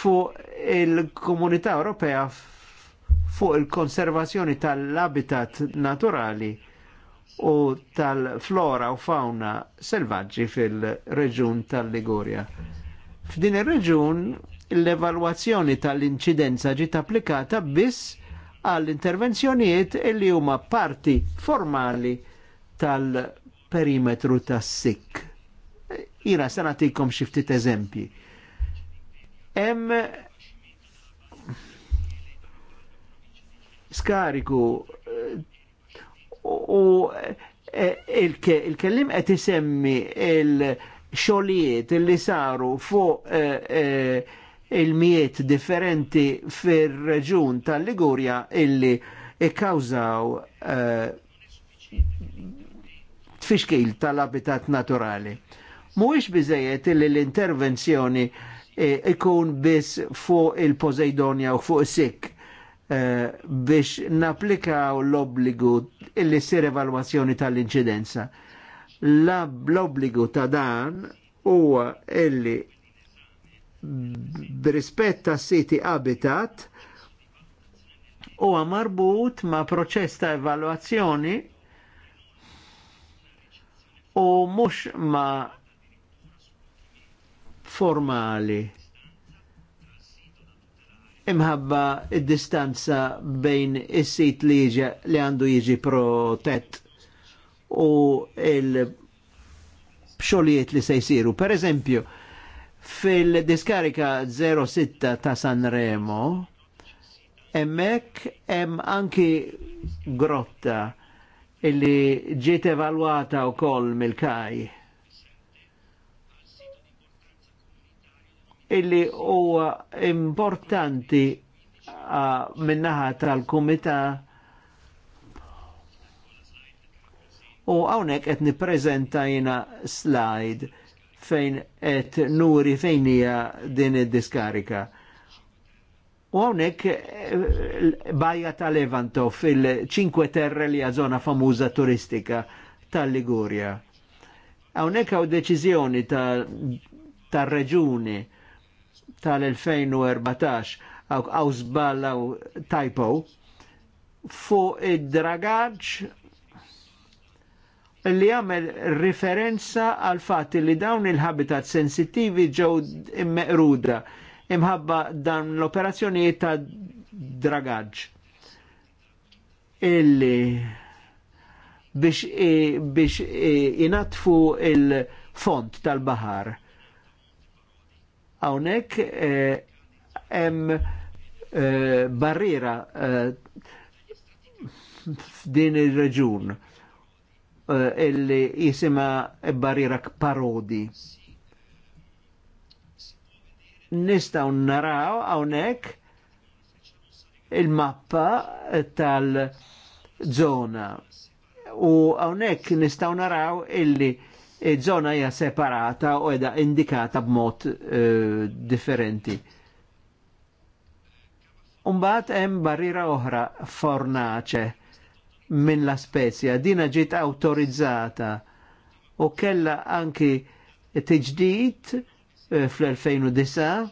fuq il-Komunità Ewropea fuq il-konservazzjoni tal-habitat naturali u tal-flora u fauna selvaġġi fil-reġun tal ligurja F'din ir-reġun l-evalwazzjoni tal-inċidenza ġiet applikata biss għall-intervenzjonijiet li huma parti formali tal-perimetru tas-sik. Ira se nagħtikom xi ftit eżempji. Hemm skariku u e, il-kellim qed isemmi il-xogħlijiet li saru fuq e, e, il-miet differenti fir-reġun tal-Ligurja illi ikkawżaw eh, tfixkil tal-abitat naturali. Mhuwiex biżejjed illi l-intervenzjoni eh, ikun biss fuq il poseidonia u fuq Sikk eh, biex naplikaw l-obbligu illi sir evalwazzjoni tal-inċidenza. L-obbligu ta' dan huwa illi b'rispett ta' siti habitat u marbut ma' proċess ta' evalwazzjoni u mhux ma' formali imħabba id-distanza bejn is-sit li, li għandu jiġi protett u il-xogħlijiet li se jsiru. Per eżempju, Fil-diskarika 06 ta' Sanremo, emmek emm anki grotta illi ġiet evalwata u koll mil-kaj. Illi huwa importanti minnaħa tal-kumita u għawnek etni prezenta jina slide fejn et nuri fejn hija din id-diskarika. U għonek eh, bajja tal Levanto fil-5 Terre li zona famuża turistika tal-Ligurja. Għonek għaw deċizjoni tal reġuni tal-2014 għaw zballaw typo fu id-dragaġġ li għamel riferenza għal fatt li dawn il-habitat sensittivi ġew immeqruda imħabba dan l-operazzjonijiet ta' dragaġġ. Illi biex, inatfu il-font tal-bahar. Hawnhekk eh, hemm eh, barriera eh, f'din ir-reġun Eh, illi jisima barriera parodi. Nistaw naraw hawnhekk il-mappa tal-żona u hawnhekk nistaw naraw illi żona hija separata u edha indikata b'mod uh, differenti. Umbat hemm barriera oħra fornace minn la spezja. Dina ġiet autorizzata u kella anki tiġdid eh, fl-2009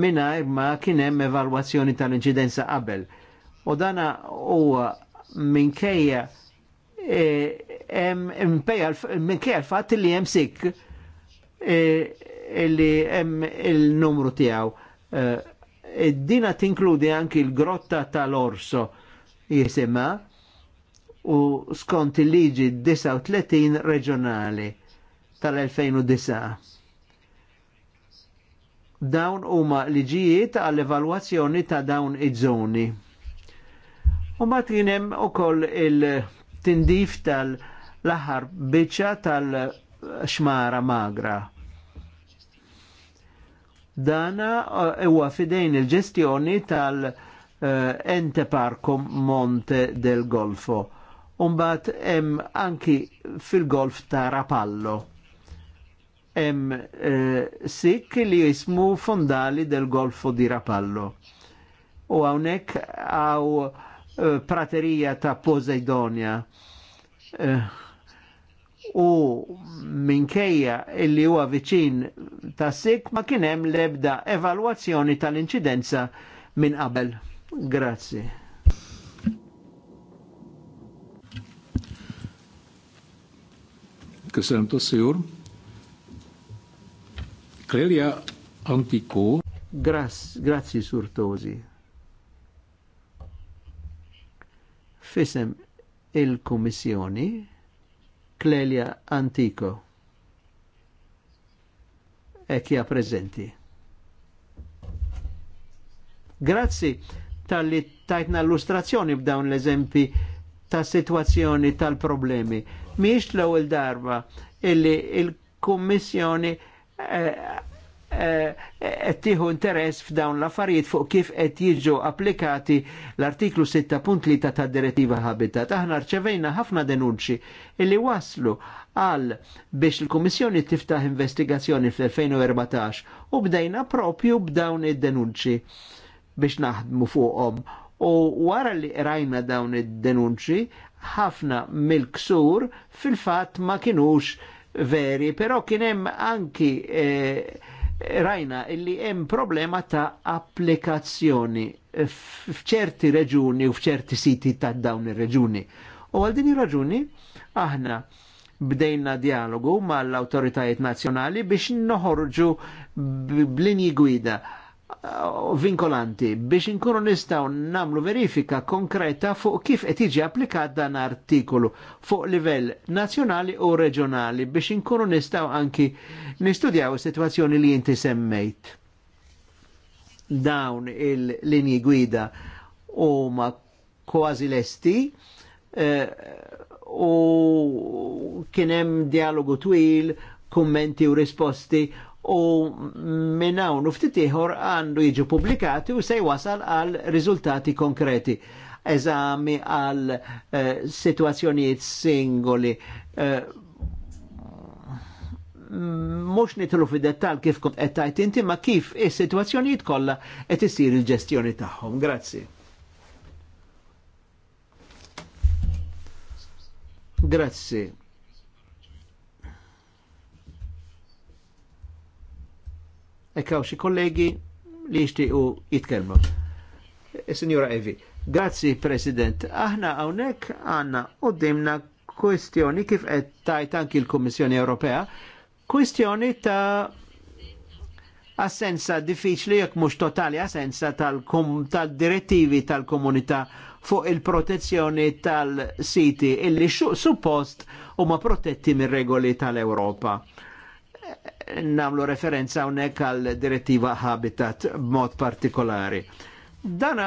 minnajr ma kienem evalwazzjoni tal-inċidenza qabel. U dana huwa minkejja eh, minkejja l-fatt li hemm sik eh, li il-numru tijaw. Dina tinkludi anki il grotta tal-orso jisima' u skont il-liġi 39 reġjonali tal-2009. Dawn huma liġijiet għall evalwazzjoni ta' dawn iż-żoni. U ma hemm ukoll il-tindif tal-aħar biċċa tal-xmara magra. Dana eh, huwa fidejn il-ġestjoni tal- Uh, eh, Ente Parco Monte del Golfo Umbat hemm anki fil-golf ta' Rapallo. Hemm eh, sik li jismu fondali del golfo di Rapallo. U hawnhekk għaw eh, praterija ta' Poseidonia. Eh, u minkejja illi huwa viċin ta' sik ma kien hemm l-ebda evalwazzjoni tal-inċidenza minn qabel. Grazzi. Köszönöm, Clelia Antico. Graz, grazie, Sur Tosi. Fisem il-Kommissjoni Clelia Antico. Ekja prezenti. Grazzi tal-li tajtna l-lustrazzjoni b'dawn l-eżempi ta' situazzjoni tal-problemi. Miex l-ewwel darba illi il-Kummissjoni qed eh, eh, eh, tieħu interess f'dawn l-affarijiet fuq kif qed jiġu applikati l-artiklu 6.3 tad-direttiva Habitat. Aħna rċevejna ħafna denunċi illi waslu għal biex il-Kummissjoni tiftaħ investigazzjoni fl-2014 u bdejna propju b'dawn id-denunċi biex naħdmu fuqhom. U wara li rajna dawn id-denunċi, ħafna mill-ksur fil-fatt ma kinux veri, però kien hemm anki eh, rajna illi hemm problema ta' applikazzjoni f'ċerti reġuni u f'ċerti siti ta' dawn ir-reġuni. U għal din ir-raġuni aħna bdejna dialogu mal-autoritajiet nazzjonali biex noħorġu b'linji gwida vinkolanti biex inkunu nistaw namlu verifika konkreta fuq kif qed jiġi applikat dan artikolu fuq livell nazzjonali u reġjonali biex inkunu nistaw anki nistudjaw is-sitwazzjoni li inti semmejt. Dawn il-linji gwida huma kważi lesti eh, u kien hemm dialogu twil, kummenti u risposti u minnaw hawn ftit ieħor għandu jiġu pubblikati u sej wasal għal riżultati konkreti. Eżami għal eh, situazzjonijiet singoli. Eh, mux nitlu fi dettal kif kont qed inti ma kif is-sitwazzjonijiet kollha qed isir il-ġestjoni tagħhom. Grazzi. Grazzi. Ekkaw xi kollegi li u jitkellmu. E Signora Evi, grazzi President, aħna hawnhekk u dimna kwestjoni kif qed tajt anki l-Kummissjoni Ewropea, kwestjoni ta' assenza diffiċli jekk mhux totali assenza tal-direttivi tal tal-komunità fuq il-protezzjoni tal-siti illi suppost huma protetti mir-regoli tal-Ewropa namlu referenza hawnhekk għal direttiva Habitat b'mod partikolari. Dan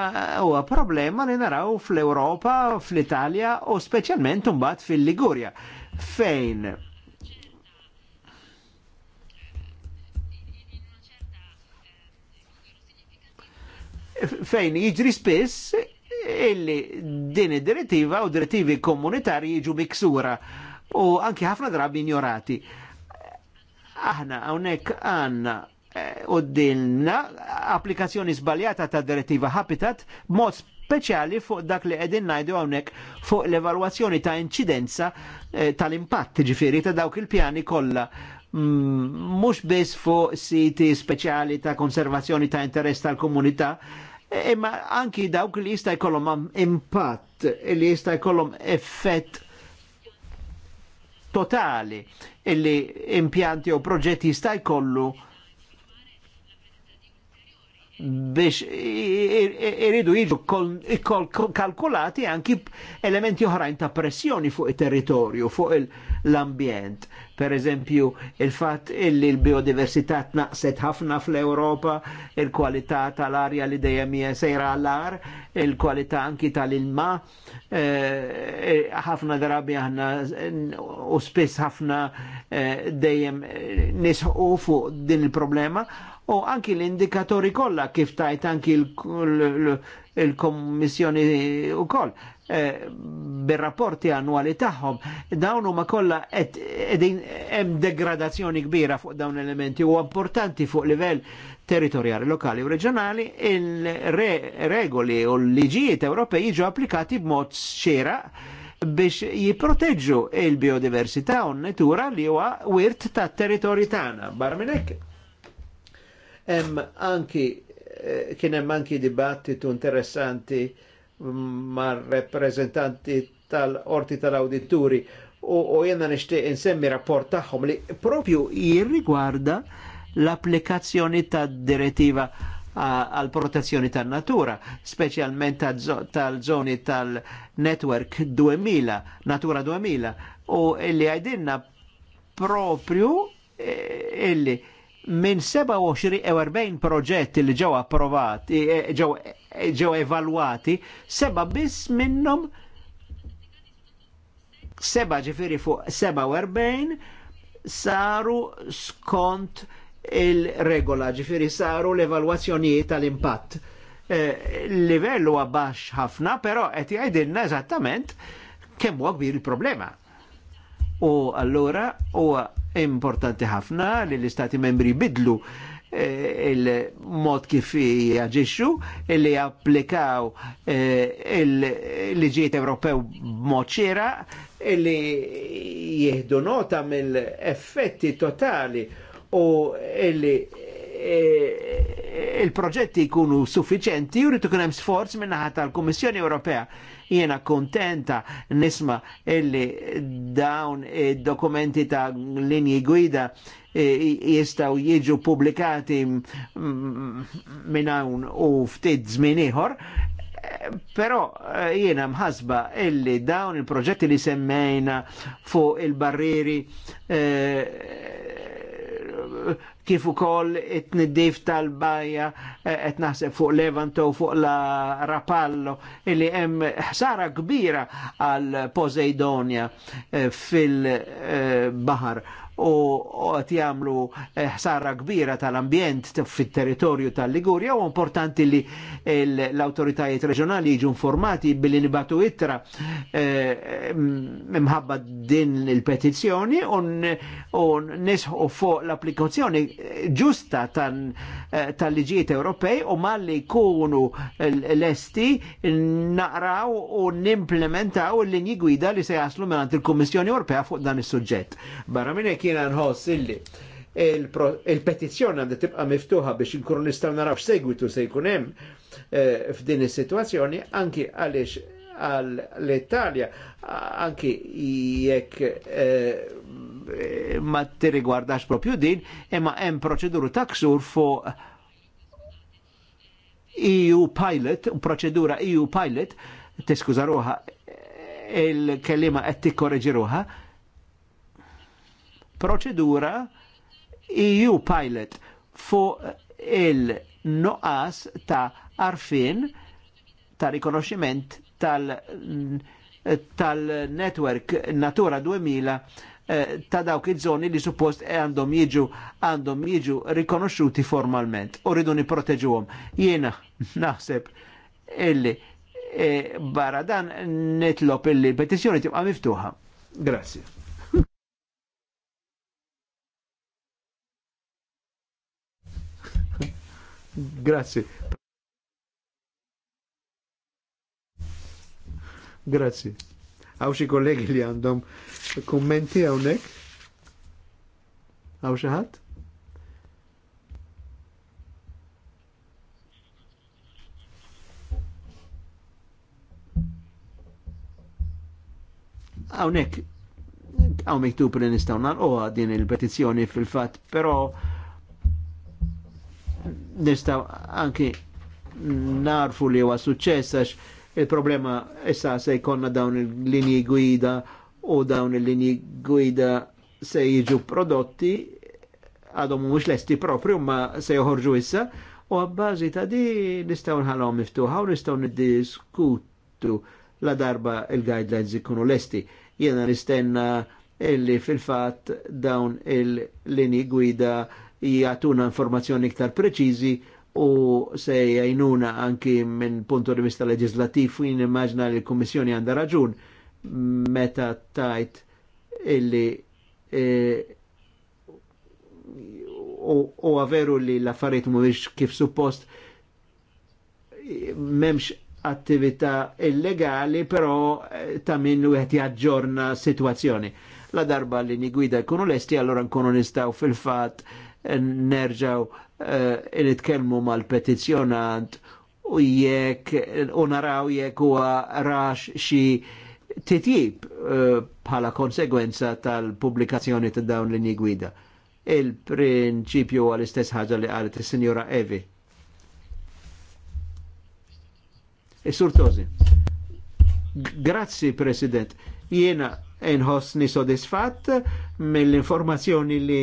huwa problema li naraw fl-Europa, fl-Italja u specialment mbagħad fil-Ligurja fejn fejn jiġri spiss illi din id-direttiva u direttivi komunitarji jiġu miksura u anki ħafna drabi ignorati aħna hawnhekk eh, u dilna applikazzjoni sbaljata ta' direttiva Habitat mod speċjali fuq dak li qegħdin ngħidu hawnhekk fuq l-evalwazzjoni ta' incidenza eh, tal-impatt ġifiri ta' dawk il-pjani kollha mux mm, bis fuq siti speċjali ta' konservazzjoni ta' interess tal-komunità eh, imma anki dawk li jista' jkollhom impatt li jista' jkollhom effett totali illi impjanti u proġetti jista' jkollu biex iridu jiġu kalkulati anki elementi oħrajn ta' pressjoni fuq il-territorju, fuq l-ambjent. Per eżempju, il-fat illi l-biodiversità tnaqset ħafna fl-Europa, il kualità tal-arja li dejjem sejra għall-ar, il kualità anki tal-ilma, eh, ħafna drabi ħna u spiss ħafna eh, dejjem nisħu fuq din il-problema u anki l-indikatori kollha kif tajt anki l-Kommissjoni wkoll eh, bir-rapporti annuali tagħhom dawn huma kollha qegħdin hemm degradazzjoni kbira fuq dawn elementi u importanti fuq livell territorjali lokali u reġjonali il-regoli u l-liġijiet Ewropej jiġu applikati b'mod xera biex jipproteġġu il-biodiversità u n-natura li huwa wirt tat-territorji tagħna. Barminek Hemm anki eh, kien hemm anki dibattitu interessanti mm, mar rappresentanti tal-orti tal-awditturi u jenna nixtieq insemmi rapport tagħhom li propju jirrigwarda l-applikazzjoni tad-direttiva għal protezzjoni tan natura specialment tal-żoni tal-network 2000, Natura 2000, u illi għajdinna propju eh, illi minn 40 e proġetti li ġew approvati, e, e, ġew evalwati, seba biss minnhom seba ġifiri fuq 47 saru skont il-regola, ġifiri saru l-evalwazzjonijiet tal-impatt. Eh, Livell huwa baxx ħafna, però qed jgħidilna eżattament kemm huwa kbir il-problema. U allura huwa importanti ħafna li l-istati membri bidlu eh, il-mod kif jaġixxu illi japplikaw eh, il-liġijiet Ewropew b'mod ċira illi jieħdu nota mill-effetti totali u illi eh, il-proġetti jkunu suffiċenti u rritu kunem sforz minnaħat tal kummissjoni Ewropea Jiena kontenta nisma illi dawn id-dokumenti ta' linji gwida eh, jistaw jiġu publikati minn hawn u ftit żmien ieħor, Pero eh, jiena mħasba illi dawn il-proġetti li semmejna fuq il-barriri eh, kif ukoll it niddif tal-bajja eh, qed naħseb fuq Levanto fuq la Rapallo illi hemm ħsara kbira għal Poseidonia eh, fil-baħar eh, u qed jagħmlu ħsara kbira tal-ambjent fit-territorju tal-Ligurja u importanti li l-awtoritajiet reġjonali jiġu informati billi nibatu ittra mħabba din il-petizzjoni u nisħu fuq l-applikazzjoni ġusta eh, tal-liġijiet Ewropej u malli jkunu lesti naqraw u nimplementaw l-linji gwida li se jaslu minnant il-Kommissjoni Ewropea fuq dan is-suġġett. Barra minn kiena nħoss illi il-petizzjoni għandha tibqa' miftuħa biex inkunu nistgħu naraw segwitu se jkun hemm eh, f'din is-sitwazzjoni anki għaliex għall-Italja, anki jekk eh, ma tirrigwardax propju din, imma hemm proċeduru taksur fuq EU pilot, proċedura EU pilot, tiskuża ruħa, il-kelima qed tikkoreġi ruħa, proċedura EU pilot fuq il-noqas ta' arfin ta' rikonoxximent tal- tal-network Natura 2000 eh, ta' dawk iż-żoni li suppost e għandhom jiġu għandhom jiġu rikonosciuti formalment u rridu niproteġuhom. Jiena naħseb illi e, barra dan nitlob illi l-petizzjoni tibqa' miftuħa. Grazzi. Grazie. Grazzi. Għaw xie kollegi li għandhom kummenti hawnhekk? Għaw xi ħadd? Hawnhekk għaw miktub li nistgħu nagħlqoha din il petizjoni fil fat però nistaw anki narfu li huwa suċċess għax Il-problema issa se jkonna dawn il-linji gwida u dawn il-linji gwida se jiġu prodotti għadhom mhux lesti propri ma se joħorġu issa u għabbażi ta' di nistgħu nħalhom miftuħa u nistgħu niddiskutu la darba il-guidelines ikunu lesti. Jiena nistenna illi fil-fatt dawn il-linji gwida jgħatuna informazzjoni iktar preċiżi u se jajnuna anki minn punto di vista leġislativ u immaġna li l-Kommissjoni għanda raġun meta tajt illi e, u għaveru li l-affarijiet mhuwiex kif suppost memx attività illegali, però e, ta' minn għet jaġġorna situazzjoni. La darba li nigwida l-esti, allora nkunu nistaw fil-fat nerġaw Eh, li tkellmu mal-petizjonant u jekk u naraw jekk huwa rax xi titjib eh, bħala konsegwenza tal-pubblikazzjoni ta' dawn l gwida. Il-prinċipju għal-istess ħaġa li qalet is-Sinjora Evi. Is-Sur Tozi. Grazzi, President. Jiena nħossni sodisfatt mill-informazzjoni li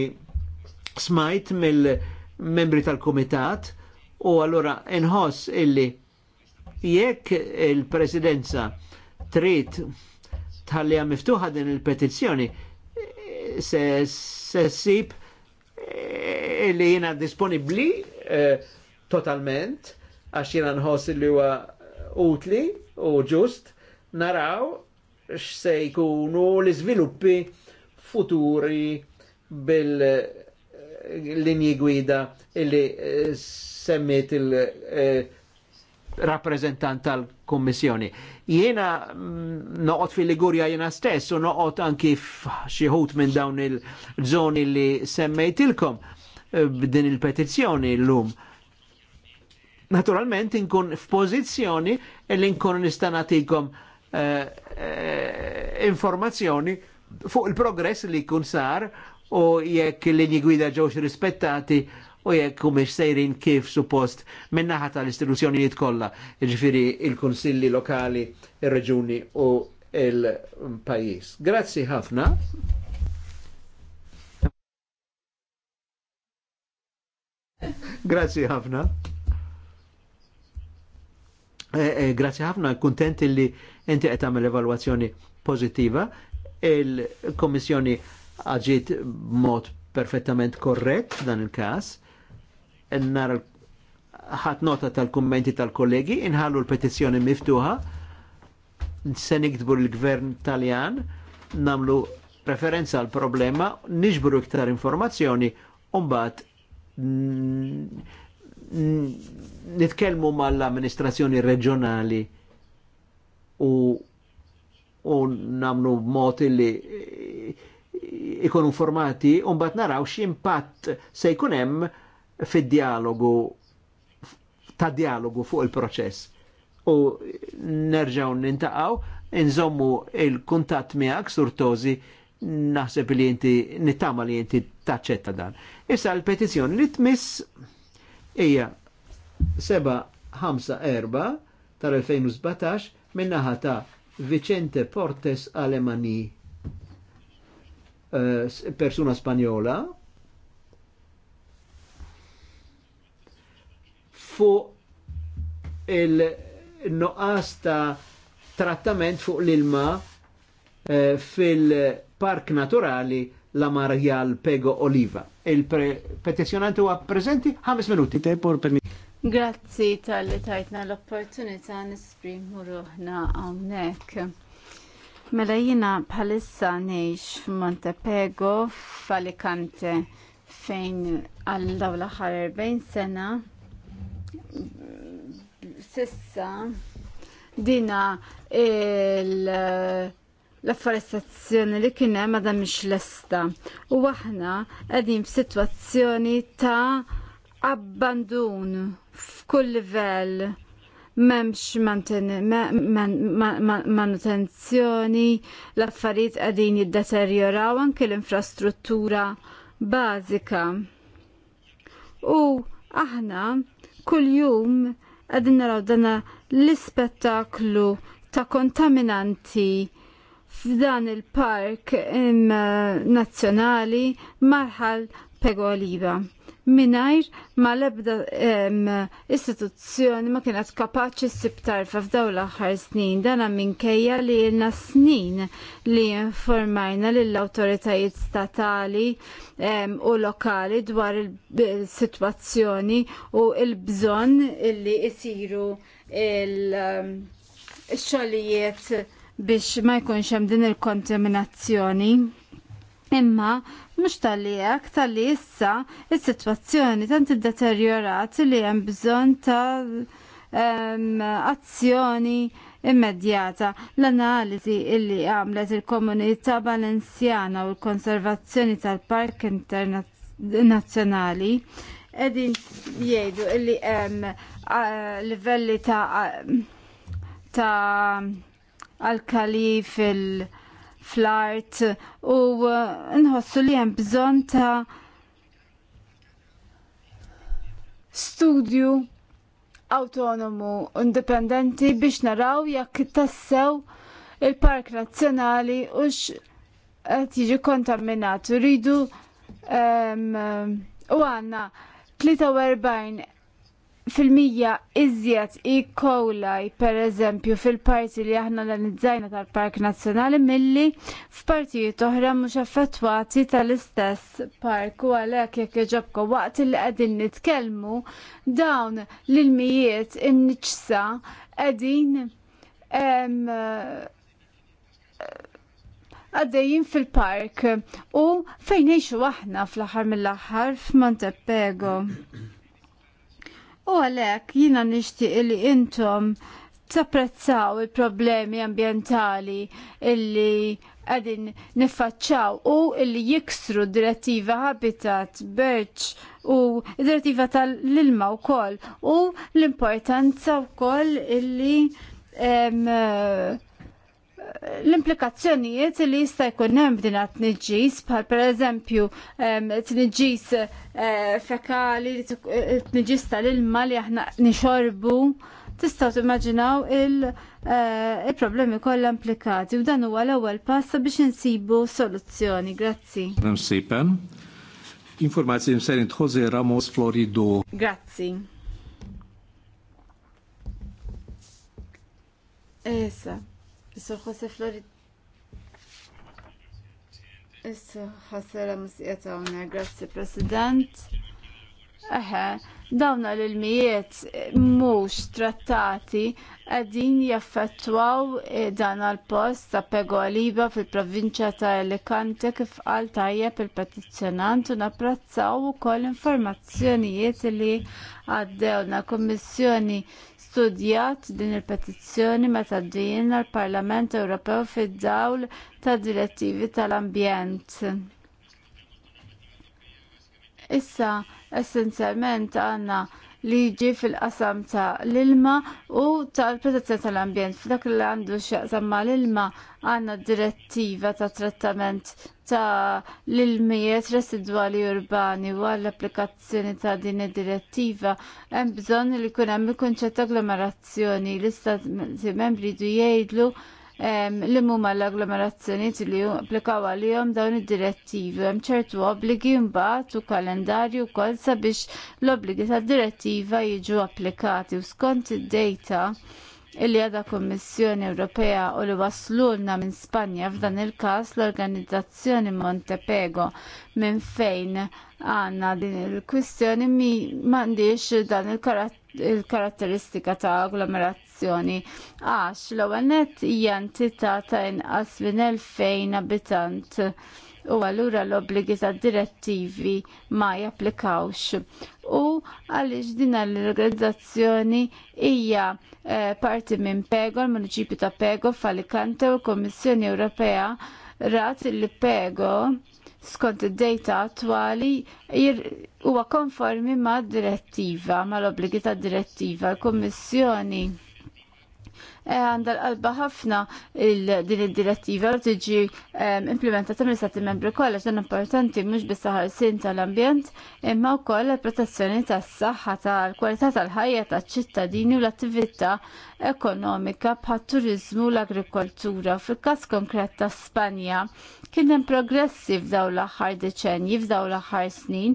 smajt mill- membri tal-Komitat u allura nħoss illi jekk il-Presidenza trid tħallija miftuħa din il-petizzjoni se, se sib eh, illi jena disponibli eh, totalment għax jena nħoss illi huwa utli u ġust naraw x'se jkunu l-iżviluppi futuri bil- linji gwida illi eh, semmiet il-rappresentant eh, tal-Kommissjoni. Jiena mm, noqot fil-Ligurja jiena stess u noqot anki xieħut minn dawn il-żoni li semmejtilkom eh, b'din il-petizzjoni l-lum naturalment inkun f'pożizzjoni li nkun nista' informazzjoni fuq il-progress li kun sar u jekk l-linji gwida ġewx rispettati u jekk mhumiex sejrin kif suppost minnaħa tal-istituzzjonijiet kollha, jiġifieri il-kunsilli lokali, ir-reġuni u il-pajjiż. Grazzi ħafna. Grazzi ħafna. Eh, eh, grazzi ħafna, kuntent li inti qed tagħmel evalwazzjoni pożittiva. Il-Kommissjoni għagġiet mod perfettament korrett dan il-kas, nara ħat nota tal-kommenti tal-kollegi, inħallu l-petizjoni miftuħa, se nikdbu l-gvern taljan, namlu referenza għal problema, nixbru iktar informazzjoni, umbat nitkelmu mal-amministrazzjoni reġjonali u, u namlu moti li ikonu formati un bat naraw impatt se jkun hemm fid-dialogu ta' dialogu fuq il-proċess. U nerġaw nintaqaw, nżommu il-kuntat miegħek surtozi naħseb li inti nittama li inti taċċetta dan. Issa l-petizzjoni li tmiss hija 754 tal-2017 minnaħa ta' Vicente Portes Alemani. Eh, persuna spanjola fu il-noqas ta' trattament fuq l-ilma eh, fil-park naturali la Marjal Pego Oliva. Il-petizjonanti huwa prezenti 5 minuti. Grazzi tal-li tajtna l-opportunità nisprimu ruħna għawnek. Mela jina bħalissa neħx f'Montepego f'alikante fejn għal dawla ħar 40 sena sissa dina il- l-afforestazzjoni li kien hemm mish l lesta. U aħna qegħdin f'sitwazzjoni ta' abbandun f'kull livell m'hemmx manutenzjoni, l-affarijiet qegħdin jiddeterjoraw anke l-infrastruttura bażika. U aħna kuljum qegħdin naraw dana l-ispettaklu ta' kontaminanti f'dan il-park nazzjonali marħal Pegoliva minajr ma lebda istituzzjoni ma kienet kapaċi ssib tarfa f'daw l-aħħar snin dana minkejja li jenna snin li informajna lill-awtoritajiet statali u lokali dwar il-sitwazzjoni u il-bżonn illi isiru il-xogħlijiet biex ma jkunx hemm din il-kontaminazzjoni. Imma mhux tal-lijak tal-li issa is-sitwazzjoni tant iddeterjorat li hemm bżonn ta' azzjoni immedjata. L-analiżi illi għamlet il-komunità Valenzjana u l-konservazzjoni tal-Park Nazzjonali edin jgħidu illi hemm livelli ta' ta' alkali fil- fl-art u uh, nħossu li hemm bżonn ta' studju autonomu indipendenti biex naraw jekk tassew il-Park Nazzjonali u qed jiġi kontaminat. Ridu u um, għandna 43 fil-mija iżjed i e. coli per eżempju fil-parti li aħna l-anizzajna tal-Park Nazzjonali milli f'partijiet oħra mhux affettwati tal-istess park u għalhekk jekk iġobka waqt li qegħdin nitkellmu dawn l-ilmijiet imniċsa qegħdin għaddejjin fil-park u fejn aħna fl-aħħar mill-aħħar f'Montepego. U għalhekk jiena nixtieq li intom tapprezzaw il-problemi ambjentali illi għadin nifacċaw u illi jiksru direttiva Habitat, Birch u direttiva tal-ilma u koll u l-importanza u koll illi em, l-implikazzjonijiet li jista' jkun hemm din tniġġis bħal pereżempju tniġġis eh, fekali, tniġġis tal-ilma li aħna nixorbu, tistgħu timmaġinaw eh, il-problemi kollha implikati u dan huwa l-ewwel pass biex insibu soluzzjoni. Grazzi. Nsipen. Informazzjoni ser intħożi Ramos Florido. Grazzi. Esa. Issa Jose Flori. Issa ħasera musqieta għuna, grazzi President. Eħe, dawna l-ilmijiet mux trattati għadin jaffettwaw eh, dan għal-post ta' aliba fil-provinċja ta' Alicante kif qal tajjeb il-petizzjonant u napprezzaw ukoll informazzjonijiet li għaddewna kommissjoni studjat din il-petizzjoni meta din għall parlament Ewropew fid-dawl ta' direttivi tal-ambjent. Issa, essenzjalment għanna li jiġi fil-qasam ta' l-ilma u tal-protezzjoni tal-ambjent. F'dak li għandu x'jaqsam ma' l-ilma għandna direttiva ta' trattament ta' l-ilmijiet residwali urbani u għall-applikazzjoni ta' din id-direttiva hemm bżonn li jkun hemm il-kunċett agglomerazzjoni l-istati membri jdu jgħidlu li huma l-agglomerazzjonijiet li applikaw għalihom dawn id-direttivi hemm ċertu obbligi mbagħad u kalendarju wkoll sabiex l-obbligi tad-direttiva jiġu applikati u skont id-data illi għadha Kummissjoni Ewropea u li waslulna minn Spanja f'dan il-każ l-organizzazzjoni Montepego minn fejn għandna din il-kwistjoni mi m'għandix dan il karat il-karatteristika ta' agglomerazzjoni għax l-ewwel nett hija entità ta' inqas minn 2000 abitant u allura l-obbligi tad direttivi ma japplikawx. U għaliex din l-organizzazzjoni hija eh, parti minn Pego, l muniċipju ta' Pego, Falikante u l-Kummissjoni Ewropea rat li Pego skont id-data attwali huwa konformi ma' direttiva, ma' l-obbligi ta' direttiva. L-Kommissjoni Eh, Għandal qalba ħafna din id-direttiva li tiġi ehm, implementata mill stati membri kollha dan importanti mhux biss sin tal-ambjent imma wkoll protezzjoni tas-saħħa tal-kwalità tal-ħajja taċ-ċittadini u l-attività ekonomika bħat-turiżmu u l-agrikoltura. Fil-każ konkret ta' Spanja kien hemm progressi f'daw l-aħħar deċenji, f'daw l-aħħar snin,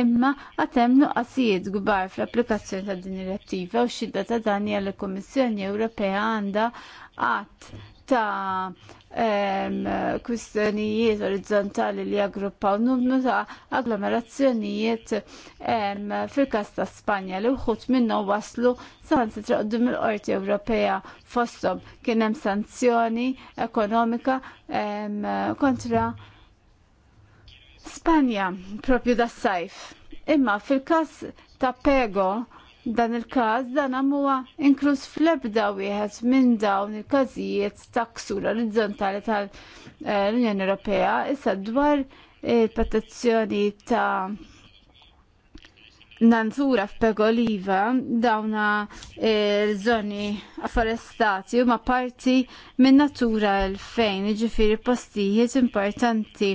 imma għad hemm nuqqasijiet kbar fl-applikazzjoni ta' din direttiva u xidda ta' dani għall kummissjoni Ewropea għandha għat ta' kwistjonijiet orizzontali li jaggruppaw numru ta' agglomerazzjonijiet fil-kas ta' Spanja li wħud minnhom waslu sanzi traqdum il-Qorti Ewropea fosthom kien hemm sanzjoni ekonomika kontra Spanja propju das-sajf. Imma fil-każ ta' Pego Dan il-każ dan huwa inkluż fl-ebda wieħed minn dawn il-każijiet ta' ksur orizzontali tal-Unjoni Ewropea issa dwar il petizzjoni ta' nanzura f'Pegoliva dawna l-żoni eh, afforestati huma parti minn natura l fejn jiġifieri postijiet importanti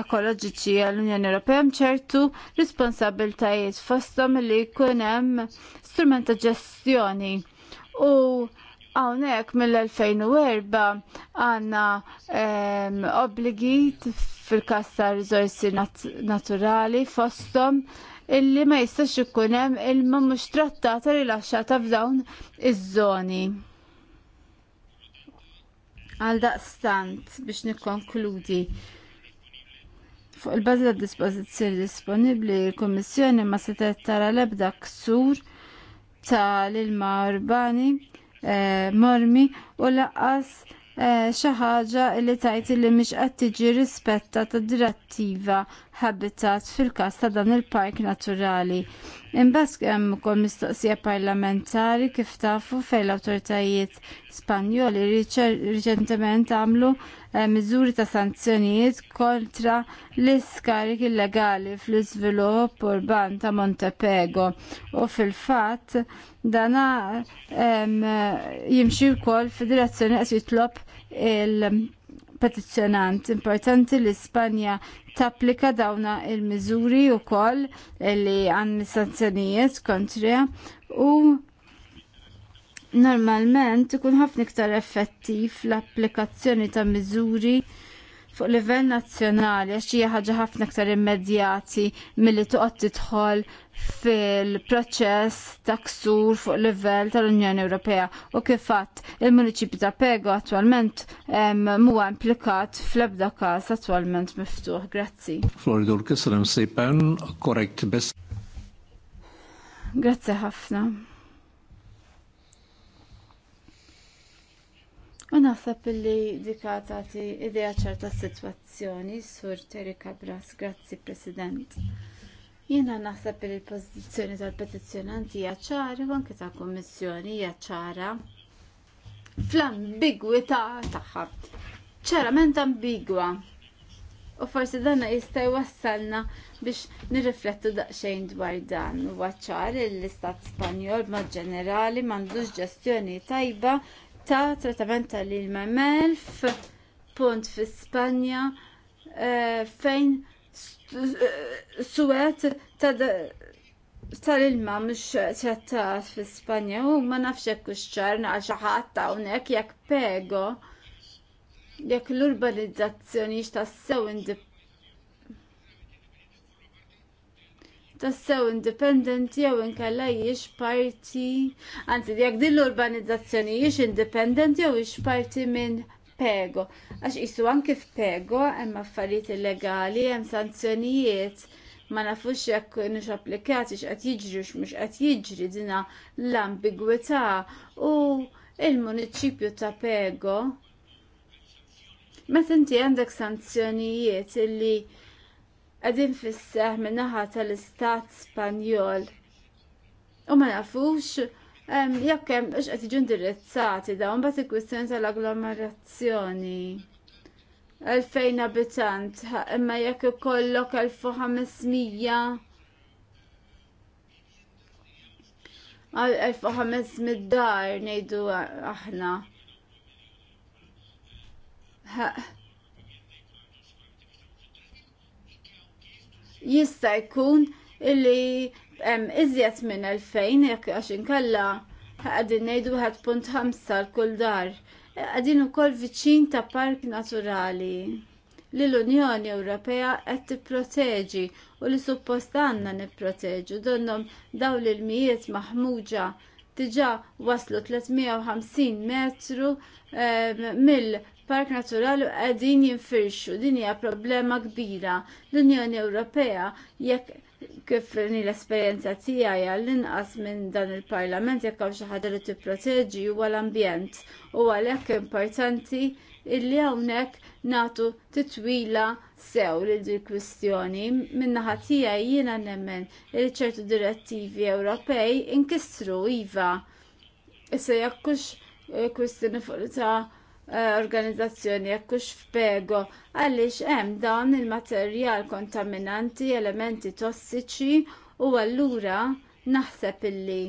ekoloġiċi għall-Unjoni Ewropea ċertu responsabiltajiet fosthom li jkun hemm strument ta' ġestjoni. U hawnhekk mill-2004 għandna ehm, obbligi fil każ ta' riżorsi nat naturali fosthom illi ma jistax ikun hemm ilma mhux trattata rilaxxata f'dawn iż-żoni. Għal daqstant biex nikkonkludi fuq il-bażla dispożizzjoni disponibbli l-Kummissjoni ma setet tara l-ebda ksur tal-ilma urbani eh, mormi u laqqas eh, xi ħaġa li tajt li mhix qed tiġi rispetta tad direttiva habitat fil-każ ta' dan il-park naturali. Imbask hemm ukoll mistoqsija parlamentari kif tafu fejn l-awtoritajiet Spanjoli riċentement għamlu eh, miżuri ta' sanzjonijiet kontra l-iskarik illegali fl-iżvilupp urban ta' Montepego u fil-fatt dana jimxi wkoll fid-direzzjoni qed jitlob il- petizzjonant importanti li Spanja tapplika dawna il-miżuri u koll li għanni sanzjonijiet kontrija u normalment ikun ħafna iktar effettiv l-applikazzjoni ta' miżuri fuq livell nazzjonali għax hija ħaġa ħafna aktar immedjati milli toqgħod tidħol fil-proċess ta' ksur fuq livell tal-Unjoni Ewropea u kif fatt il-Municipju ta' Pego attwalment huwa implikat fl-ebda każ attwalment miftuħ. Grazzi. Floridur kisrem sejpen korrekt biss. Grazzi ħafna. U naħseb illi dika tagħti idea ċerta sitwazzjoni sur Terry Cabras, grazzi President. Jiena naħseb li l-pożizzjoni tal-petizzjonanti hija ċara u anke tal kummissjoni hija ċara fl-ambigwità tagħha. ċarament ambigwa. U forsi danna jista' jwassalna biex nirriflettu daqsxejn dwar dan. Huwa ċar li l-Istat Spanjol ma' ġenerali m'għandux ġestjoni tajba ta' trattament tal-ilma melf punt fi Spanja eh, fejn suwet tal-ilma mux trattat fi Spanja u ma nafxek u għal xaħat unek jekk pego jekk l-urbanizzazzjoni tas sew indip tassew indipendenti jew inkella jiex parti, anzi jekk din l-urbanizzazzjoni jiex indipendenti jew jiex parti minn pego. Għax isu anki f'pego hemm affarijiet illegali, hemm sanzjonijiet ma nafux jekk nix applikati x'qed jiġri u x'mhux qed jiġri dina l-ambigwità u il-municipju ta' pego. Meta inti għandek sanzjonijiet illi għadin fisseħ minnaħa tal-istat Spanjol. U ma nafux jekk hemm x qed jiġu indirizzati dawn bat il-kwistjoni tal-agglomerazzjoni. 2000 abitant, imma jekk ikollok 1500 għal dar nejdu aħna. jista' jkun illi iżjed minn 2000 jekk għax inkella għadin ngħidu 1.5 kull dar. Għadin ukoll viċin ta' park naturali li l-Unjoni Ewropea qed tipproteġi u li suppost għandna nipproteġu donhom dawn l-mijiet maħmuġa diġa' waslu 350 metru mill park naturali għedin jinfirxu, din hija problema kbira. L-Unjoni Ewropea jekk kif l-esperjenza tiegħi għall-inqas minn dan il-Parlament jekk hawn xi ħadd li tipproteġi huwa l-ambjent u għalhekk importanti illi hawnhekk nagħtu titwila sew lil din kwistjoni min-naħa tiegħi jiena nemmen li ċertu direttivi Ewropej inkissru iva. Issa jekk kux eh, kwistjoni fuq ta' Eh, organizzazzjoni jekkux f'pego għaliex hemm dawn il-materjal kontaminanti, elementi tossiċi u allura naħseb illi.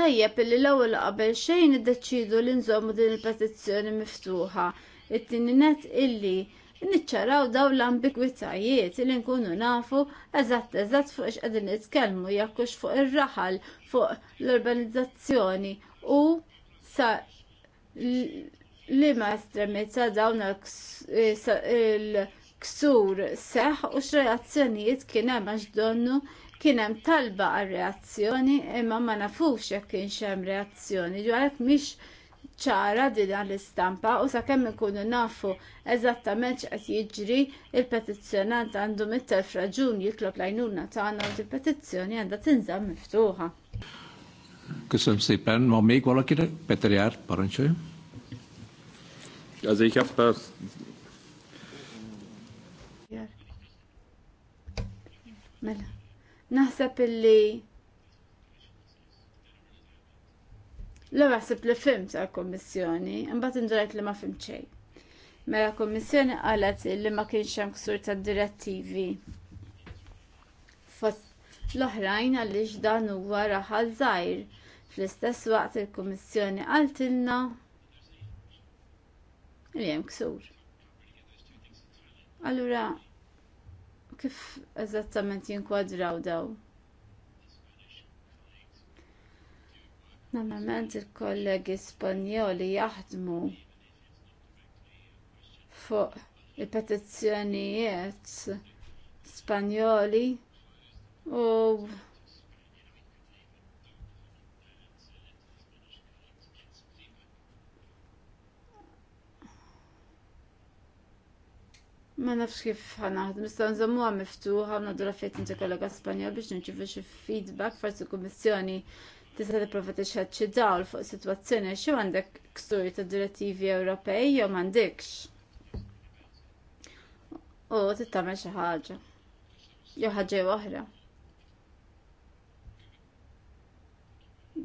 Tajjeb illi l-ewwel qabel xejn iddeċidu li nżommu din il-petizzjoni miftuħa. It-tieni net illi niċċaraw daw l-ambigwitajiet li nkunu nafu eżatt eżatt fuq x'qegħdin nitkellmu jekkux fuq ir-raħal fuq l organizzazzjoni u sa li ma estremita dawn il-ksur seħ u x-reazzjonijiet kien hemm għax donnu kien hemm talba għal reazzjoni imma ma nafux jekk kienx hemm reazzjoni għalhekk mhix ċara din l-istampa u sakemm ikunu nafu eżattament x'qed jiġri il-petizzjonant għandu mit-telf raġun jitlob l-għajnuna tagħna u il petizzjoni għandha tinżamm miftuħa. Köszönöm szépen. Van még valakire? Peter Jár, parancsoljon. Also ich habe Mela. Naħseb illi l naħseb li fimt għal kommissjoni, imbagħad indurajt li ma fimt xejn. Mela kommissjoni qalet li ma kienx hemm ksur ta' direttivi fost l-oħrajn għaliex dan huwa raħal żgħir Fl-istess waqt il-Kummissjoni għaltilna li hemm ksur. Allura kif eżattament jinkwadraw daw? Normalment il-kollegi Spanjoli jaħdmu fuq il-petizzjonijiet Spanjoli u Ma nafx kif ħanaħdem, nistgħu nżommuha miftuħa nagħdu raffet inti kollega Spanjol biex nirċievu xi feedback forsi kummissjoni tista' tipprova tixħed xi dawl fuq sitwazzjoni xi għandek ksur ta' direttivi Ewropej jew m'għandekx. U tittamel xi ħaġa. Jew ħaġa oħra.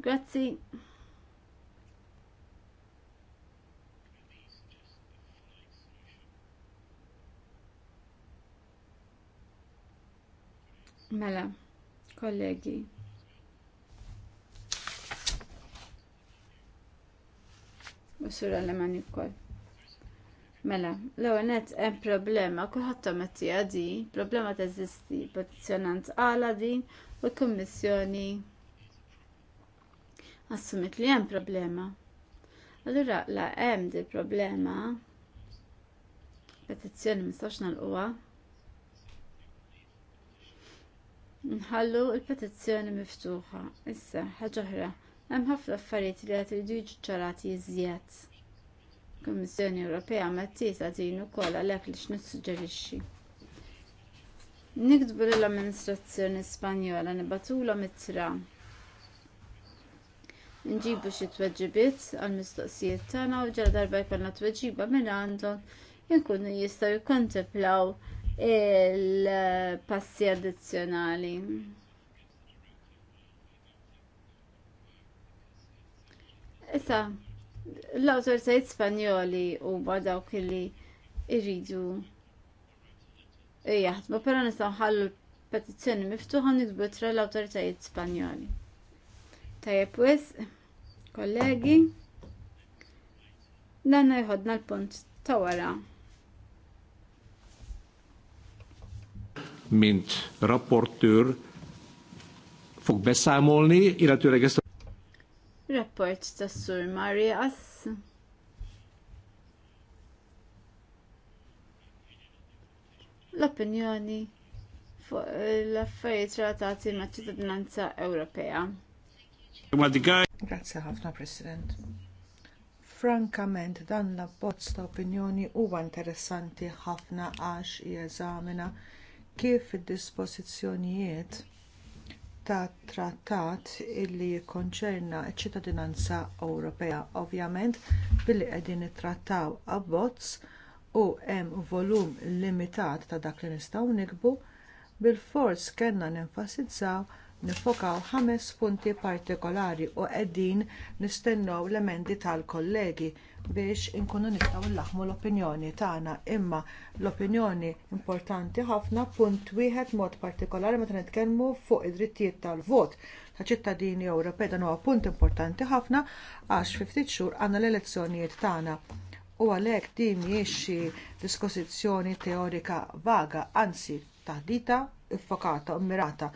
Grazzi. Mela, kollegi. U sura li ukoll. Mela, l-ewwel nett hemm problema, kulħadd mettija di, problema teżisti, petizzjonant għala din u l-Kummissjoni assumit li hemm problema. Allura la hemm di problema petizzjoni mistax nagħlquha. nħallu l-petizzjoni miftuħa. Issa, ħaġa oħra, hemm ħafna affarijiet li qed iridu jiġu ċarati iżjed. Kummissjoni Ewropea mettisa din ukoll għalhekk li x'nissuġġerixxi. Nikdbu lill-amministrazzjoni Spanjola nibatulhom it-tra nġibu xi tweġibiet għall mistoqsijiet tagħna u ġara darba jkollna tweġiba minn għandhom inkunu jistgħu jikkontemplaw il-passi addizzjonali. Issa, l-autoritajt spanjoli u dawk iridu irridu jaħdmu, pero nistaw ħallu petizzjoni miftuħa tra l-autoritajiet spanjoli. Tajab wis, kollegi, dan jħodna l-punt ta' wara. mint rapportőr fog beszámolni, illetőleg ezt a... Rapport tassur Marias. L-opinjoni fuq l-affarijiet relatati ma' ċittadinanza Ewropea. Grazie ħafna, President. Frankament, dan l-abbozz ta' opinjoni huwa interessanti ħafna għax jeżamina kif id-dispożizzjonijiet ta' trattat illi jikkonċerna ċ ċittadinanza Ewropea. Ovvjament, billi qegħdin nittrattaw abbozz u hemm volum limitat ta' dak li nistgħu nikbu, bilfors kellna nenfasizzaw nifokaw ħames punti partikolari u qegħdin nistennew l-emendi tal-kollegi biex inkunu nistgħu nlaħmu l-opinjoni tagħna imma l-opinjoni importanti ħafna punt wieħed mod partikolari meta nitkellmu fuq id-drittijiet tal-vot ta' ċittadini Ewropej dan huwa punt importanti ħafna għax fi ftit xhur għandna l-elezzjonijiet tagħna u għalhekk din mhijiex xi disposizzjoni teorika vaga, anzi taħdita iffokata u mirata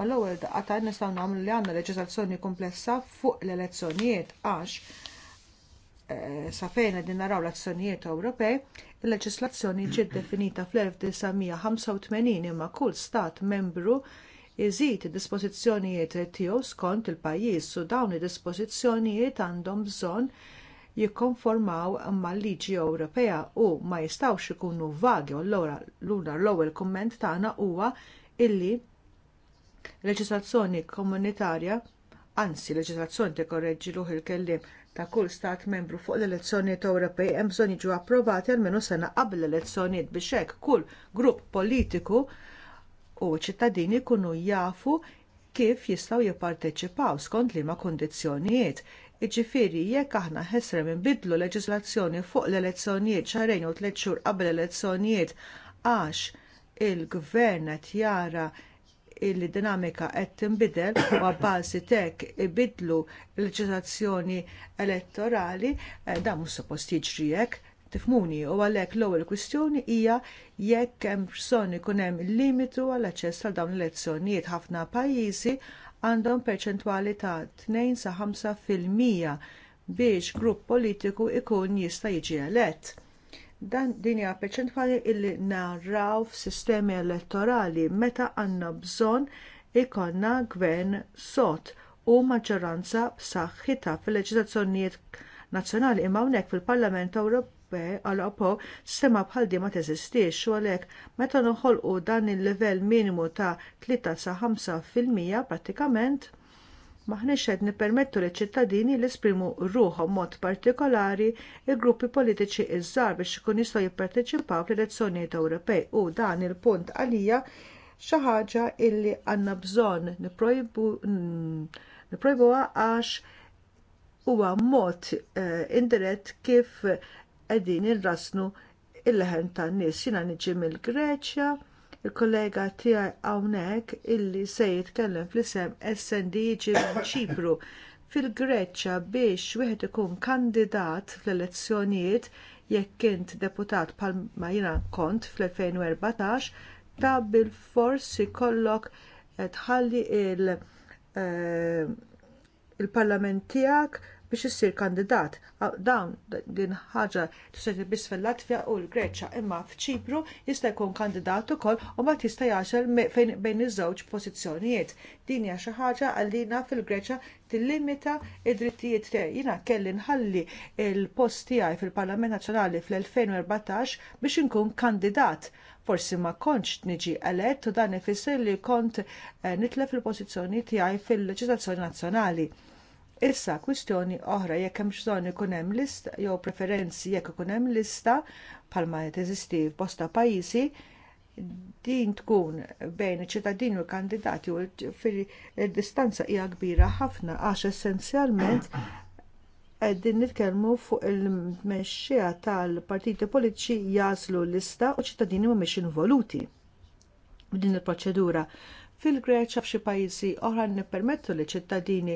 Ma l-ewwel daqqa nistgħu nagħmlu li għandna leġiżlazzjoni komplessa fuq l-elezzjonijiet għax eh, sa fejn qegħdin naraw l-azzjonijiet Ewropej, il-leġiżlazzjoni ġiet definita fl-1985 imma kull stat membru iżid id-dispożizzjonijiet tiegħu skont il-pajjiż u dawn id-dispożizzjonijiet għandhom bżonn jikkonformaw mal-liġi Ewropea u ma jistgħux ikunu vagi u allura l-ewwel kumment tagħna huwa illi leġislazzjoni komunitarja, anzi leġislazzjoni korreġġi luħ il-kellim ta' kull stat membru fuq l-elezzjonijiet Ewropej hemm bżonn jiġu approvati għalmenu sena qabel l-elezzjonijiet biex hekk kull grupp politiku u ċittadini jkunu jafu kif jistgħu jipparteċipaw skont liema kundizzjonijiet. Jiġifieri jekk aħna ħesrem inbidlu leġiżlazzjoni fuq l-elezzjonijiet xahrejn u tliet xhur qabel l-elezzjonijiet għax il-gvern qed jara illi dinamika qed tinbidel u għabbażi tek ibidlu l-leġislazzjoni elettorali eh, dan mhux suppost jiġri hekk tifmuni u għalhekk l-ewwel kwistjoni hija jekk hemm bżonn ikun hemm limitu għall aċċess għal dawn l-elezzjonijiet ħafna pajjiżi għandhom perċentwali ta' 2 sa 5 fil-mija biex grupp politiku jkun jista' jiġi elett Dan din hija perċentwali illi naraw f'sistemi elettorali meta għandna bżonn ikollna gvern sot u maġġoranza b'saħħitha fil-leġiżlazzjonijiet nazzjonali imma hawnhekk fil-Parlament Ewropej għal-opo sema bħal di ma teżistix u għalhekk meta noħolqu dan il livell minimu ta' 3 sa 5% prattikament Maħniex qed nippermettu li ċittadini li esprimu ruħhom mod partikolari il-gruppi politiċi iż-żar biex ikun jistgħu jipparteċipaw fl-elezzjonijiet Ewropej u dan il-punt għalija xi ħaġa illi għandna bżonn niprojbuha għax huwa mod eh, indirett kif qegħdin irrasnu il-leħen tan-nies. Jiena niġi mill-Greċja, il-kollega tiegħi hawnhekk illi se jitkellem fl-isem SND minn ċipru fil greċja biex wieħed ikun kandidat fl-elezzjonijiet jekk int deputat bħalma jina kont fl-2014 ta' forsi kollok eh, tħalli il- eh, il-parlament tiegħek biex issir kandidat. Dawn din ħaġa tuset biss fil-Latvja u l-Greċja imma f'Ċipru jista' jkun kandidat ukoll u ma tista' jaxel bejn iż-żewġ pożizzjonijiet. Din hija xi ħaġa għallina fil-Greċja tillimita id-drittijiet tiegħi. Jiena kelli nħalli l post tiegħi fil-Parlament Nazzjonali fl-2014 biex inkun kandidat. Forsi ma kontx niġi elett u dan ifisser li kont eh, nitlef il-pożizzjoni tiegħi fil-leġiżlazzjoni nazzjonali. Issa kwistjoni oħra jekk hemm bżonn ikun hemm lista jew preferenzi jekk ikun hemm lista bħalma teżisti f'bosta pajjiżi din tkun bejn iċ-ċittadini u l-kandidati u fil-distanza hija kbira ħafna għax essenzjalment qegħdin nitkellmu fuq il-mexxija tal-partiti politiċi jaslu l-lista u ċittadini mhumiex involuti f'din il-proċedura. Fil-Greċa f'xi pajjiżi oħra nippermettu li ċittadini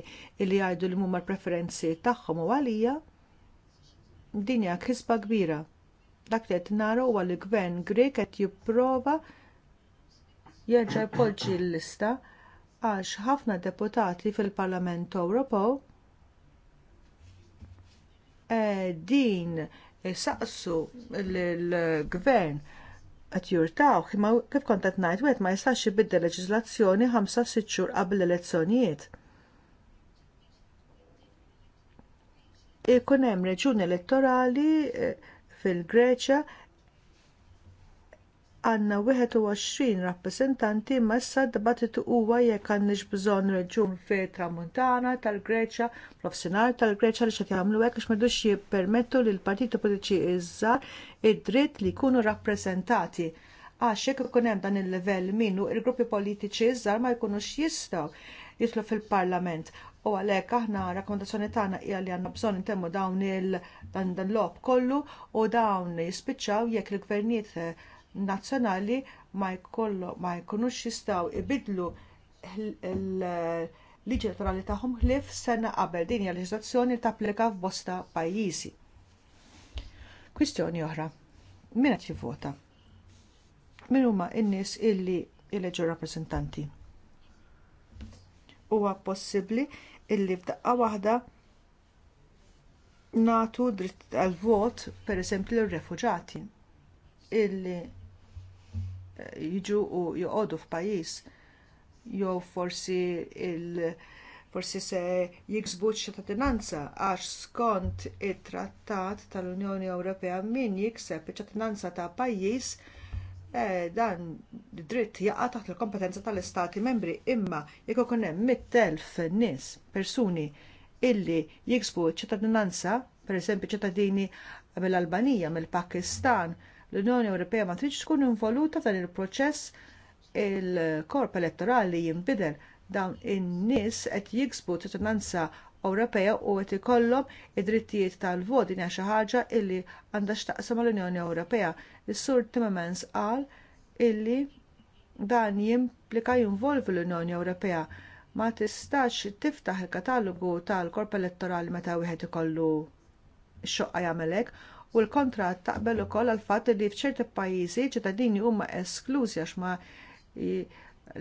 li jgħidu li huma preferenzi tagħhom u għalija din hija kisba kbira. Dak li qed nara huwa li gvern Grek qed jipprova jerġa' jpoġġi l-lista għax ħafna deputati fil-Parlament Ewropew eh, din saqsu l-gvern qed jurtaw imma kif kont qed ngħid wieħed ma jistax ibiddel leġiżlazzjoni ħamsa sitt xhur qabel l-elezzjonijiet. Ikunem hemm reġuni elettorali eh, fil-Greċja għandna 21 rappreżentanti imma issa d-dibattitu huwa jekk għandniex bżonn reġun fit tramuntana tal-Greċja, profsinhar tal-Greċja li xed jagħmlu hekk għax m'għadux jippermettu lil partiti politiċi iżżar id-dritt li jkunu rappreżentati. Għax jekk ikun hemm dan il-livell minnu il-gruppi politiċi iżżar ma jkunux jistgħu jitlu fil-parlament. U għalhekk aħna rakkomandazzjoni tagħna hija li għandna bżonn intemmu dawn il dan l lob kollu u dawn jispiċċaw jekk il-gvernijiet nazzjonali ma jkollu ma jkunux jistgħu ibidlu l-liġi elettorali tagħhom ħlief sena qabel din hija leġiżlazzjoni tapplika f'bosta pajjiżi. Kwistjoni oħra. Min qed jivvota? Min huma n-nies illi jeleġu rappreżentanti? Huwa possibbli illi f'daqqa waħda natu dritt għal vot per esempio l-refuġati illi jiġu u joqodu f'pajjiż jew forsi il forsi se jiksbu ċittadinanza għax skont it-trattat tal-Unjoni Ewropea min jikseb iċ-ċittadinanza ta' pajjiż eh, dan dritt jaqa taħt il-kompetenza tal-istati membri imma jekk ikun hemm mittelf nies persuni illi jiksbu ċittadinanza, pereżempju ċittadini mill-Albanija, mill-Pakistan, L-Unjoni Ewropea ma tridx tkun involuta f'dan il-proċess il-korp elettorali jinbidel dawn in-nies qed jiksbu titunanza Ewropea u qed ikollhom id-drittijiet tal-vot dinja xi ħaġa illi għandha x'taqsam mal-Unjoni Ewropea. Is-Sur Timmermans qal illi dan jimplika jinvolvi l-Unjoni Ewropea ma tistax tiftaħ il-katalogu tal-korp elettorali meta wieħed ikollu x-xoqqa jagħmel hekk u l-kontrat taqbel ukoll għal fatt li f'ċerti pajjiżi ċittadini huma esklużi għax ma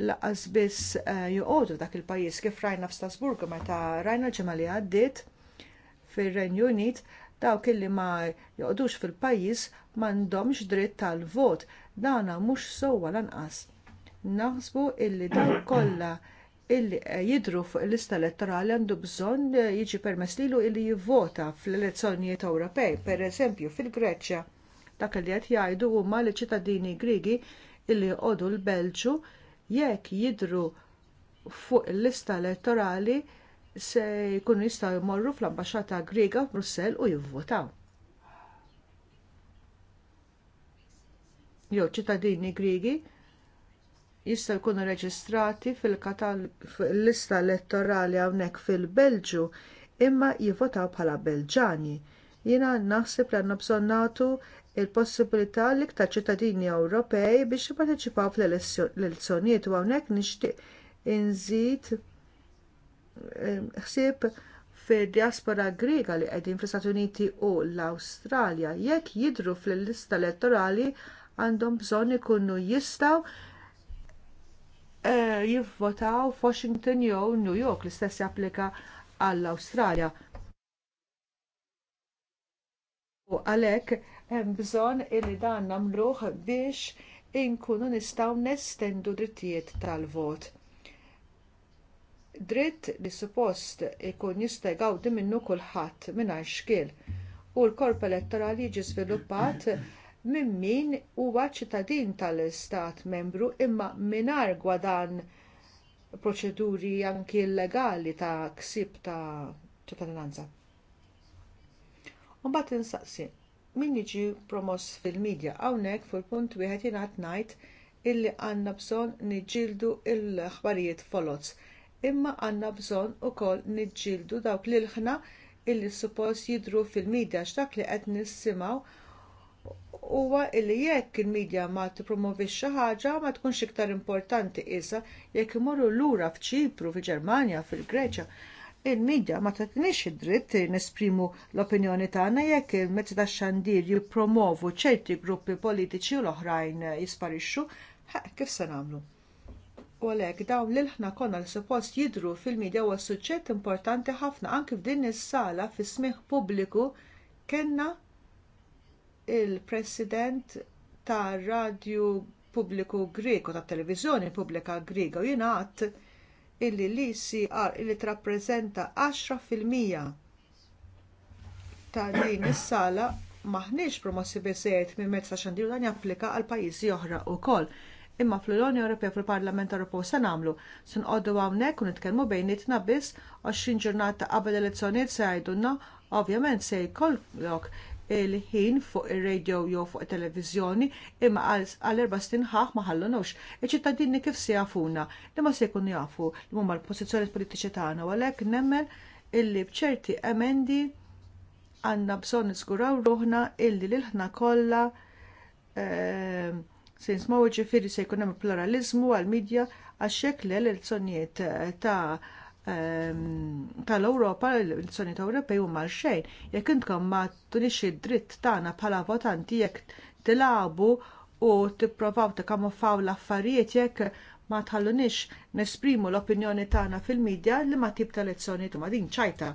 laqas biss eh, joqogħdu dak il-pajjiż kif rajna f'Strasburgu meta rajna l-ġimgħa li għaddiet fir-Renju Unit dawk illi ma joqdux fil-pajjiż m'għandhomx dritt tal-vot dana mhux sewwa lanqas. Naħsbu illi dawk kollha illi jidru fuq il-lista elettorali għandu bżonn eh, jiġi permess lilu illi jivvota fl-elezzjonijiet Ewropej. pereżempju fil-Greċja, dak li qed jgħidu huma li ċittadini Griegi illi għodu l-Belġu jekk jidru fuq il-lista elettorali se jkunu jistgħu jmorru fl-ambaxxata Griega f'Brussell u jivvotaw. Jo ċittadini Griegi jista' jkunu reġistrati fil-lista elettorali hawnhekk fil-Belġu imma jivvotaw bħala Belġani. Jiena naħseb li għandna bżonn nagħtu l possibilità li ktar ċittadini Ewropej biex jipparteċipaw fl-elezzjonijiet u hawnhekk nixtieq inżid ħsieb fid-diaspora Griega li qegħdin fl-Istati Uniti u l-Awstralja jekk jidhru fil-lista elettorali għandhom bżonn ikunu jistgħu Eh, jivvotaw f'Washington jew New York l-istess japplika għall-Awstralja. U għalhekk hemm bżonn illi dan nagħmluh biex inkunu nistgħu nestendu drittijiet tal-vot. Dritt li suppost ikun jista' jgawdi minnu kulħadd mingħajr xkiel u l-korp elettorali jiġi żviluppat minn min huwa ċittadin tal-istat membru imma mingħajr gwadan proċeduri anki llegali ta' ksib ta' ċittadinanza. Umbat insaqsi, min jiġi promoss fil-medja hawnhekk fil-punt wieħed jingħad ngħid illi għandna bżonn niġġieldu l-aħbarijiet foloz, imma għandna bżonn ukoll niġġieldu dawk l-ilħna illi suppost jidhru fil-medja x'dak li qed nissimgħu huwa li jekk il-medja ma tippromovi xi ħaġa ma tkunx iktar importanti issa jekk imorru lura f'Ċipru, fil-Ġermanja, fil-Greċja. Il-medja ma tatinix id-dritt nesprimu l-opinjoni tagħna jekk il-mezzi tax-xandir jippromovu ċerti gruppi politiċi u l-oħrajn jisparixxu, kif se nagħmlu? u għalhekk dawn l ħna konna li suppost jidhru fil-medja huwa suġġett importanti ħafna anke f'din is-sala fis-smih pubbliku kellna il-president tar radju pubbliku Griku tat televizjoni pubblika Griega u jingħad illi l-ICR illi trappreżenta 10% ta' din is-sala maħniex promossi biżżejjed minn mezz ta' xandiru dan japplika għal pajjiżi oħra wkoll. Imma fl-Unjoni Ewropea fil-Parlament Ewropew se nagħmlu se nqogħdu hawnhekk u nitkellmu bejnietna biss 20 ġurnata qabel elezzjonijiet se jgħidulna ovvjament se jkollok il-ħin fuq ir radio jew fuq it televiżjoni imma għal erba' snin ħaħ ma ħallonux. Iċ-ċittadini kif se jafuna li ma se jkunu jafu li huma l-pożizzjoni politiċi tagħna u għalhekk nemmen illi bċerti emendi għandna bżonn niżguraw ruħna illi lil ħna kollha ehm, se nismaw ġifieri se jkun hemm pluralizmu għal-midja għax-xekk l-elezzjonijiet ta' Ehm, tal-Ewropa, l-elezzjoni Ewropej u xejn, jekk intkom ma tunix id-dritt tagħna bħala votanti jekk tilabu u tippruvaw t l-affarijiet jekk ma tħallunix nesprimu l-opinjoni tagħna fil-medja li ma tib tal-elezzjoni ma din ċajta.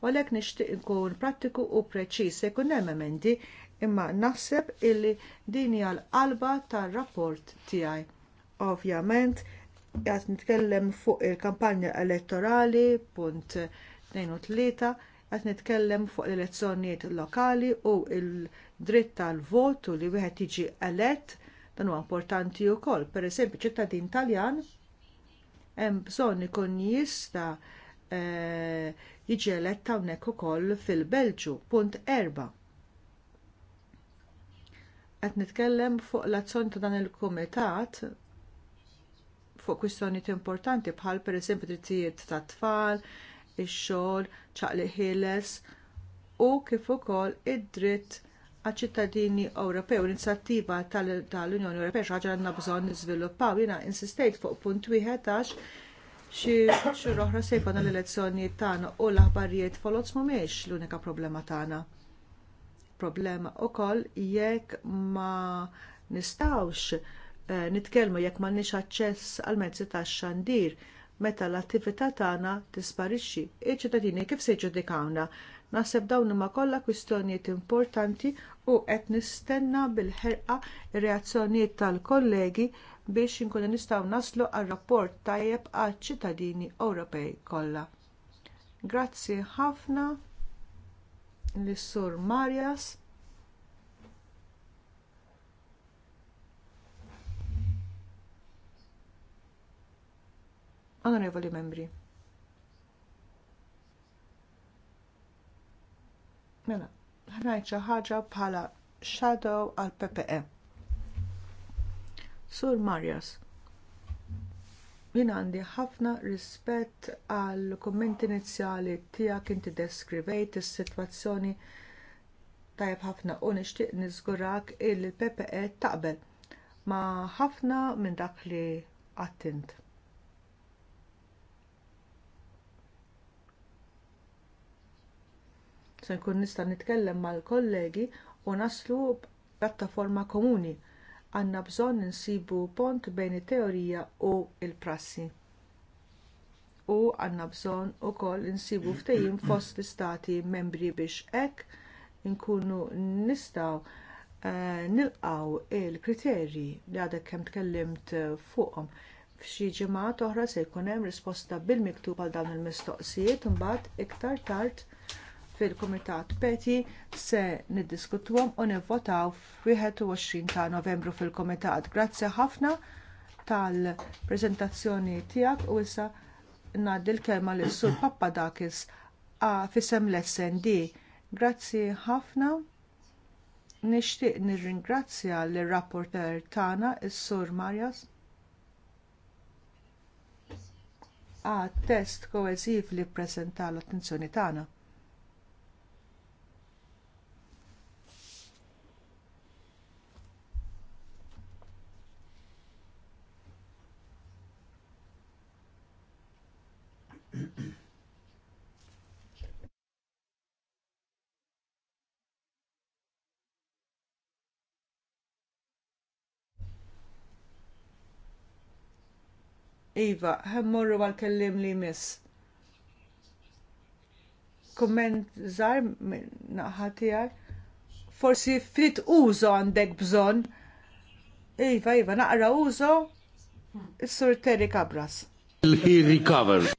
U għalhekk nixtieq inkun prattiku u preċiż se jkun hemm emendi imma naħseb illi din hija l-qalba tar-rapport tiegħi. Ovvjament, għat nitkellem fuq il-kampanja elettorali, punt 2 qed nitkellem fuq l-elezzjonijiet lokali u l-dritt tal-vot u li wieħed jiġi elett dan huwa importanti wkoll. Pereżempju ċittadin Taljan hemm bżonn ikun jista eh, jiġi elett hawnhekk ukoll fil-Belġu. Punt erba. Qed nitkellem fuq l-azzjoni ta' dan il-kumitat fuq kwistjonijiet importanti bħal eżempju drittijiet tat tfal, ix-xogħol, ċaqli ħieles u kif ukoll id-dritt għal-ċittadini Ewropew l-inizjattiva tal-Unjoni Ewropea xi ħaġa għandna bżonn niżviluppaw. Jiena insistejt fuq punt wieħed għax xi roħra oħra se l-elezzjonijiet tagħna u l-aħbarijiet folots mhumiex l-unika problema tagħna. Problema wkoll jekk ma nistawx Eh, nitkellmu jekk m'għandniex aċċess għal mezzi tax-xandir meta l-attività tagħna tisparixxi. Iċ-ċittadini kif se jġudikawna? Naħseb dawn huma kollha kwistjonijiet importanti u qed nistenna bil-ħerqa r reazzjonijiet tal-kollegi biex inkunu nistgħu naslu għal rapport tajjeb għaċ-ċittadini Ewropej kollha. Grazzi ħafna lis sur Marjas. Onorevoli membri. Mela, ħrajt xi ħaġa bħala shadow għal PPE. Sur Marjas. Jien għandi ħafna rispett għal kumment inizjali tiegħek inti deskrivejt is-sitwazzjoni tajjeb ħafna u nixtieq niżgurak il-PPE taqbel ma' ħafna minn dak li attint. se nkun nista' nitkellem mal-kollegi u naslu pjattaforma komuni. Għandna bżonn insibu pont bejn it-teorija u l prassi U għandna bżonn ukoll insibu ftehim fost l-istati membri biex hekk inkunu nistgħu uh, eh, nilqgħu l kriterji li għadek kemm tkellimt fuqhom f'xi ġimgħat oħra se jkun hemm risposta bil-miktub għal dawn il-mistoqsijiet imbagħad iktar tard fil-Kumitat Peti se niddiskutuhom u nivvotaw f-21 ta' Novembru fil-Kumitat. Grazzi ħafna tal-preżentazzjoni tiegħek u issa ngħaddi l-kelma lis sur Pappadakis fisem l-SND. Grazzi ħafna. Nixtieq nirringrazzja lir rapporter tagħna s sur Marjas għat test koeżiv li ppreżenta l-attenzjoni tagħna. Iva, hemmorru għal-kellim li miss. Komment zar naħatijaj. Forsi ftit użo għandek bżon. Iva, iva, naqra użo. Is-sur Terry Cabras. He recover.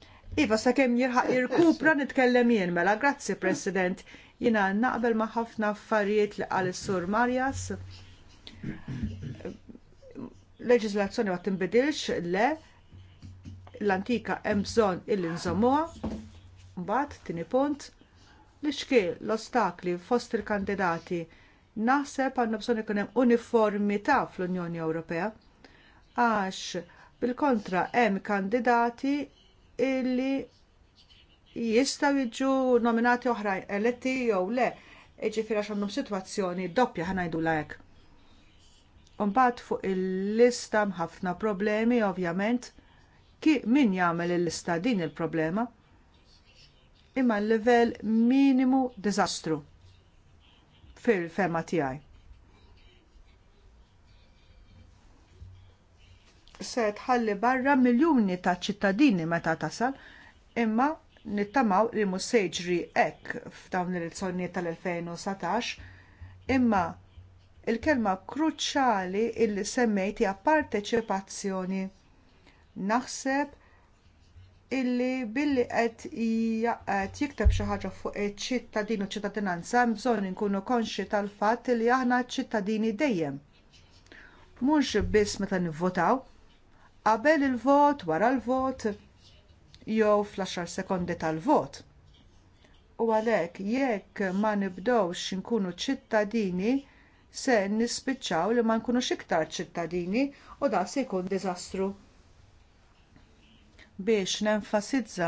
Iva, sa' kem jirħaq jirkupra nitkellem jien mela, grazzi President. Jina naqbel ma' ħafna affarijiet li għal sur Marjas. Leġislazzjoni ma' timbidilx le l-antika hemm bżonn illi nżommuha. Mbagħad tieni punt li xkiel l-ostakli fost il-kandidati naħseb għandna bżonn ikun hemm uniformità fl-Unjoni Ewropea għax bil-kontra hemm kandidati illi jistgħu jiġu nominati oħrajn eletti jew le. jiġifieri għax għandhom sitwazzjoni doppja ħanajdula hekk. Mbagħad fuq il-lista ħafna problemi ovvjament Ki min jagħmel il-lista din il-problema? Imma l-livell minimu diżastru fil-fema tiegħi. Se tħalli barra miljuni ta' ċittadini meta tasal, imma nittamaw li mhux se jġri hekk f'dawn il elezzjonijiet tal 2016 imma il-kelma kruċjali li semmejt parteċipazzjoni naħseb illi billi qed jaqgħed jikteb xi ħaġa fuq iċ-ċittadin u ċittadinanza hemm bżonn inkunu konxi tal-fatt li aħna ċittadini dejjem. Mhux biss meta nivvotaw, qabel il-vot, wara l-vot, jew fl-10 sekondi tal-vot. U għalhekk jekk ma nibdewx inkunu ċittadini se nispiċċaw li ma nkunux iktar ċittadini u da se jkun diżastru biex nenfasizza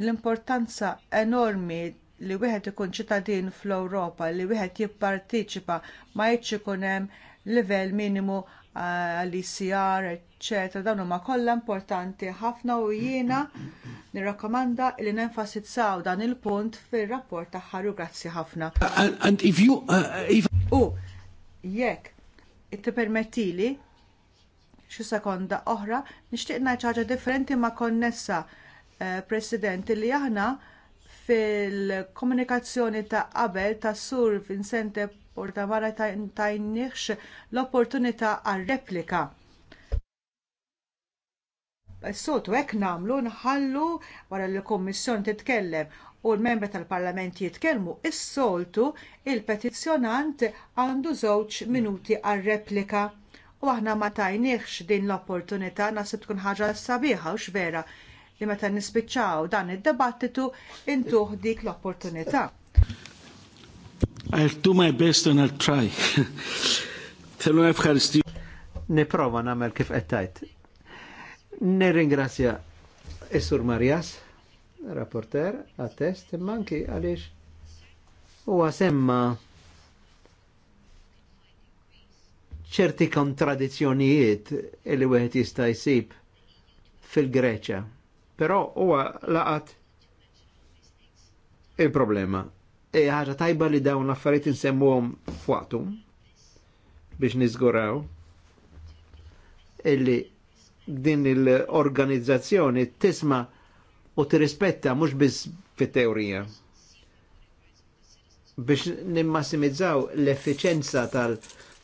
l-importanza enormi li wieħed ikun ċittadin fl-Ewropa, li wieħed jipparteċipa ma jitx ikun hemm livell minimu eh, għall icr eċetera, dawn huma kollha importanti ħafna u jiena nirrakkomanda li nenfasizzaw dan il-punt fir-rapport ta' ħaru grazzi ħafna. Uh, uh, uh, u jekk tippermettili xi sekonda oħra nixtieq ngħid ħaġa differenti ma' konnessa eh, President li aħna fil-komunikazzjoni ta' qabel tas Sur Vincente Portamara tajniex l-opportunità għal-replika. Sotu hekk nagħmlu nħallu wara li l kummissjoni titkellem u l-membri tal-Parlament jitkellmu, is-soltu il-petizzjonant għandu żewġ minuti għal-replika u aħna ma tajniex din l-opportunità nasib tkun ħaġa sabiħa u xvera li meta nispiċċaw dan id-debattitu intuħ dik l-opportunità. I'll do my best and I'll try. *laughs* Tellu nefħaristi. Niprofa namel kif qed Nirringrazzja Isur Marjas, rapporter, għat-test, manki għaliex u għasemma ċerti kontradizjonijiet li wieħed jista' jsib fil greċa Però huwa laqat il-problema. E ħaġa tajba li dawn l-affarijiet insemmuhom f'waqthom biex nizguraw illi din l-organizzazzjoni tisma u tirrispetta mhux biss fit-teorija biex nimmassimizzaw l-effiċenza tal-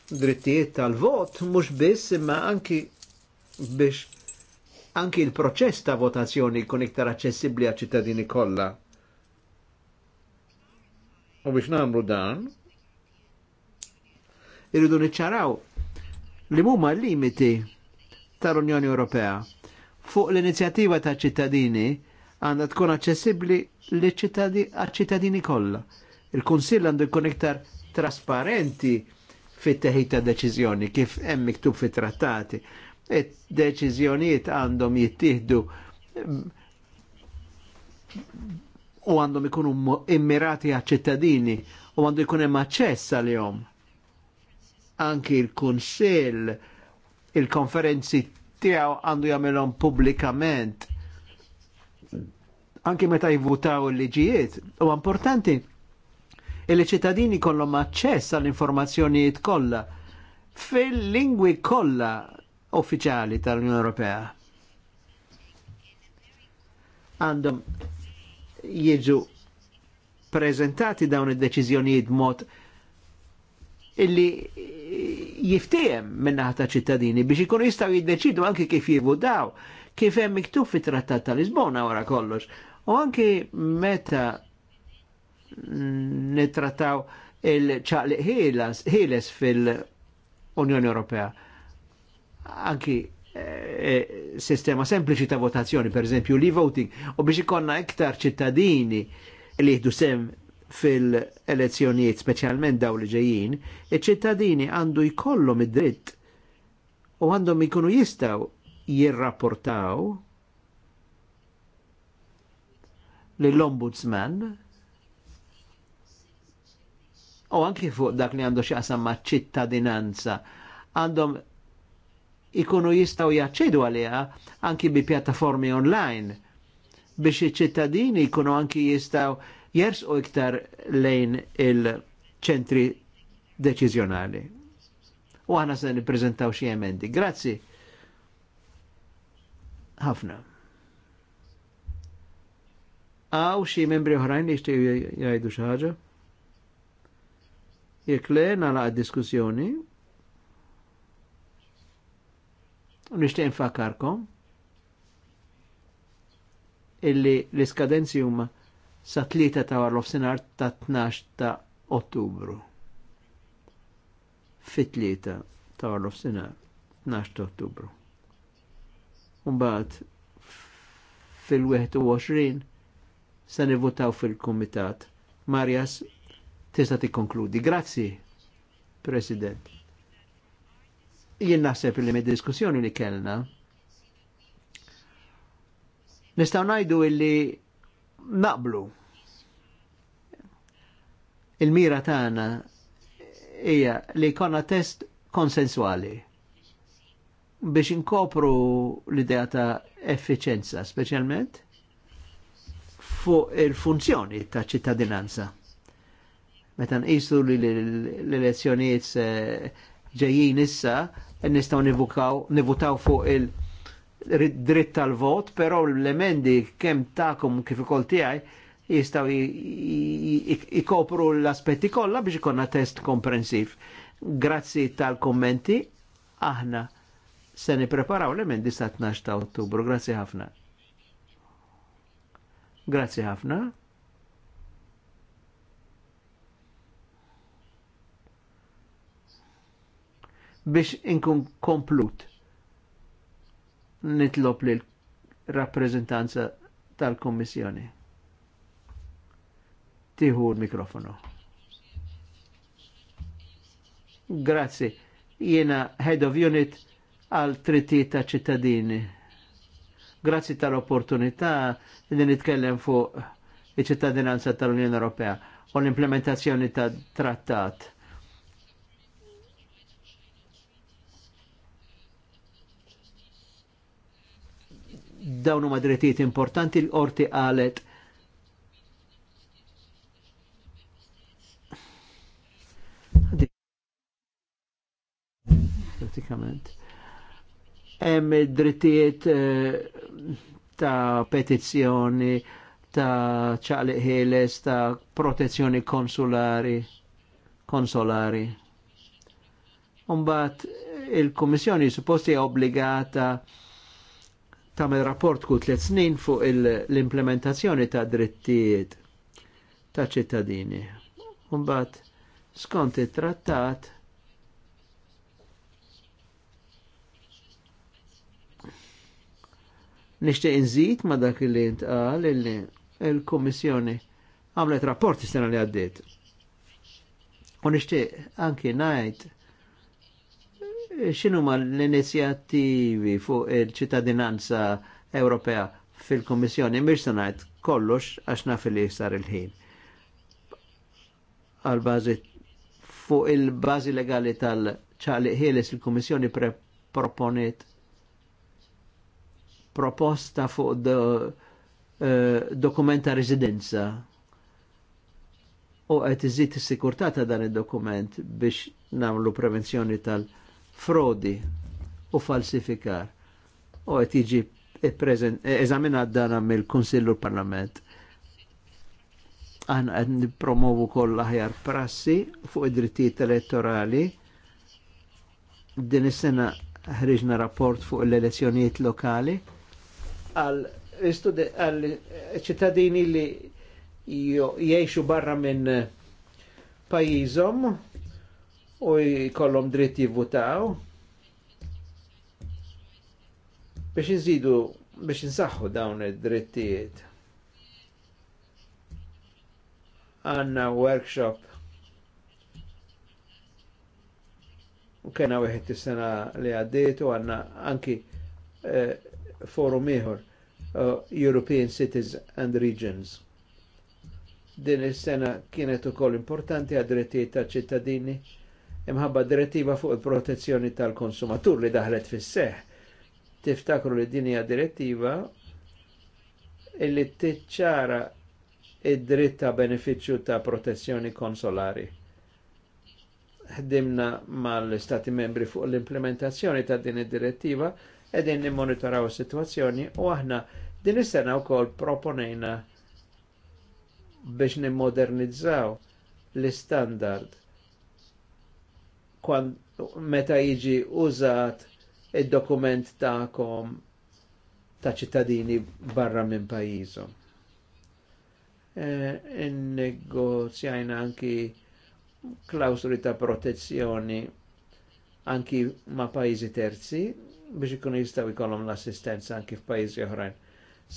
drittijiet tal-vot mhux biss imma anki biex anki l proċess ta' votazzjoni jkun iktar aċċessibbli għaċ ċittadini kollha. U biex nagħmlu dan, irridu niċċaraw li huma limiti tal-Unjoni Ewropea fuq l-inizjattiva ta' ċittadini għandha tkun aċċessibbli għal-ċittadini kollha. Il-Kunsill għandu jkun iktar trasparenti fit-teħid ta' deċiżjoni kif hemm miktub fit-trattati. Deċiżjonijiet għandhom jittieħdu u għandhom ikunu immirati għal ċittadini u għandu jkun hemm aċċess għalihom. Anki l-kunsill il il-konferenzi tiegħu għandu jagħmelhom pubblikament anki meta jivvutaw il-liġijiet. U importanti il-ċittadini kollhom aċċess għall-informazzjonijiet kollha fil-lingwi kollha uffiċjali tal-Unjoni Ewropea. Għandhom jiġu prezentati dawn id-deċiżjonijiet mod illi jiftijem minnaħa ta' ċittadini biex ikunu jistaw jiddeċidu anki kif jivudaw kif hemm miktub fit-Trattat ta' Lisbona wara kollox. U anki meta nitrataw il-ċaqliq ħieles fil-Unjoni Ewropea. Anki eh, eh, sistema sempliċi ta' votazzjoni, per eżempju l voting u biex ikonna iktar ċittadini li jihdu sem fil-elezzjonijiet, specialment daw li ġejjin, iċ-ċittadini għandu jkollhom id-dritt u għandhom ikunu jistaw jirrapportaw lill-ombudsman u anki fuq dak li għandu xaqsam ma' ċittadinanza għandhom ikunu jistaw jaċċedu għalija anki bi pjattaformi online biex iċ-ċittadini jkunu anki jistaw u iktar lejn il-ċentri deċiżjonali. U għana se nippreżentaw xi emendi. Grazzi. Ħafna. Għaw xi membri oħrajn li jgħidu xi ħaġa? Irkle, nala diskussjoni. Nishtiq nfakarkom illi l-iskadenzi huma sa tlieta ta' għarlof sinar ta' 12 ta' ottubru. Fit tlieta ta' għarlof sinar 12 ta' ottubru. Umbaħt fil-21 sa' nivutaw fil-komitat. Marjas tista' tikkonkludi. Grazzi, President. Jien naħseb li mid diskussjoni li kellna nistgħu ngħidu illi naqblu. Il-mira tagħna hija li jkollna test konsensuali biex inkopru l-idea ta' effiċenza, speċjalment fuq il-funzjoni ta' ċittadinanza Meta nqisu li l-elezzjonijiet eh, ġejjin issa, nistgħu nivutaw fuq il- dritt tal-vot, però l-emendi kemm takum kif ukoll tiegħi jistgħu ikopru l-aspetti kollha biex ikonna test komprensiv. Grazzi tal-kommenti, aħna se nipreparaw l-emendi sa 12 ta' Ottubru. Grazzi ħafna. Grazzi ħafna. biex inkun komplut. Nitlob li l-rappresentanza tal-Kommissjoni. Tiħu l-mikrofonu. Grazzi. Jiena Head of Unit għal trittijiet ta' ċittadini. Grazzi tal-opportunità li nitkellem fuq iċ-ċittadinanza tal-Unjoni Ewropea u l-implementazzjoni tat trattat dawnu huma importanti l orti għalet. hemm drittijiet eh, ta' petizzjoni ta' ċaqliq ħieles ta' protezzjoni konsulari konsolari. Umbat il-Kummissjoni supposti obbligata obbligata tagħmel rapport ku tliet snin fuq l-implementazzjoni ta' drittijiet ta' ċittadini. Umbat, skont it-trattat, nixtieq inżid ma' dak li intqal illi l-Kummissjoni għamlet rapport is-sena li għaddiet. U nixtieq anki ngħid xinu ma l-inizjattivi fuq il-ċittadinanza Ewropea fil-Kommissjoni, miex sanajt kollox għax naf li sar il-ħin. Għal-bazi fuq il-bazi legali tal-ċali ħieles il-Kommissjoni proponiet proposta fuq do, uh, eh, dokumenta residenza u għet iżit s sikurtata dan il-dokument biex namlu prevenzjoni tal-ċali frodi u falsifikar. U għet jiġi eżaminat dan mill-Konsillu l-Parlament. għan għed nipromovu koll aħjar prassi fuq id-drittijiet elettorali. Din is-sena ħriġna rapport fuq l-elezzjonijiet lokali għal ċittadini li jiexu barra minn pajizom u jkollhom dritt jivvutaw biex nżidu biex insaħħu dawn id-drittijiet. Għanna workshop u kena wieħed is-sena li għaddiet u għandna anki uh, forum ieħor uh, European Cities and Regions. Din is-sena kienet ukoll importanti għad drittijiet tal ċittadini imħabba direttiva fuq il-protezzjoni tal-konsumatur li daħlet fis seħ Tiftakru li dinja direttiva illi tiċċara id-dritt ta' benefiċċju ta' protezzjoni konsolari. Ħdimna mal-Stati membri fuq l-implementazzjoni ta' din id-direttiva edin nimmonitoraw is-sitwazzjoni u aħna din is-sena wkoll proponejna biex nimmodernizzaw l-istandard kwan, meta jiġi użat il dokument ta'kom ta' ċittadini barra minn pajjiżhom. E, Innegozjajna anki klausuli ta' protezzjoni anki ma' pajizi terzi biex ikunu jistaw jkollhom l-assistenza anki f'pajjiżi oħrajn.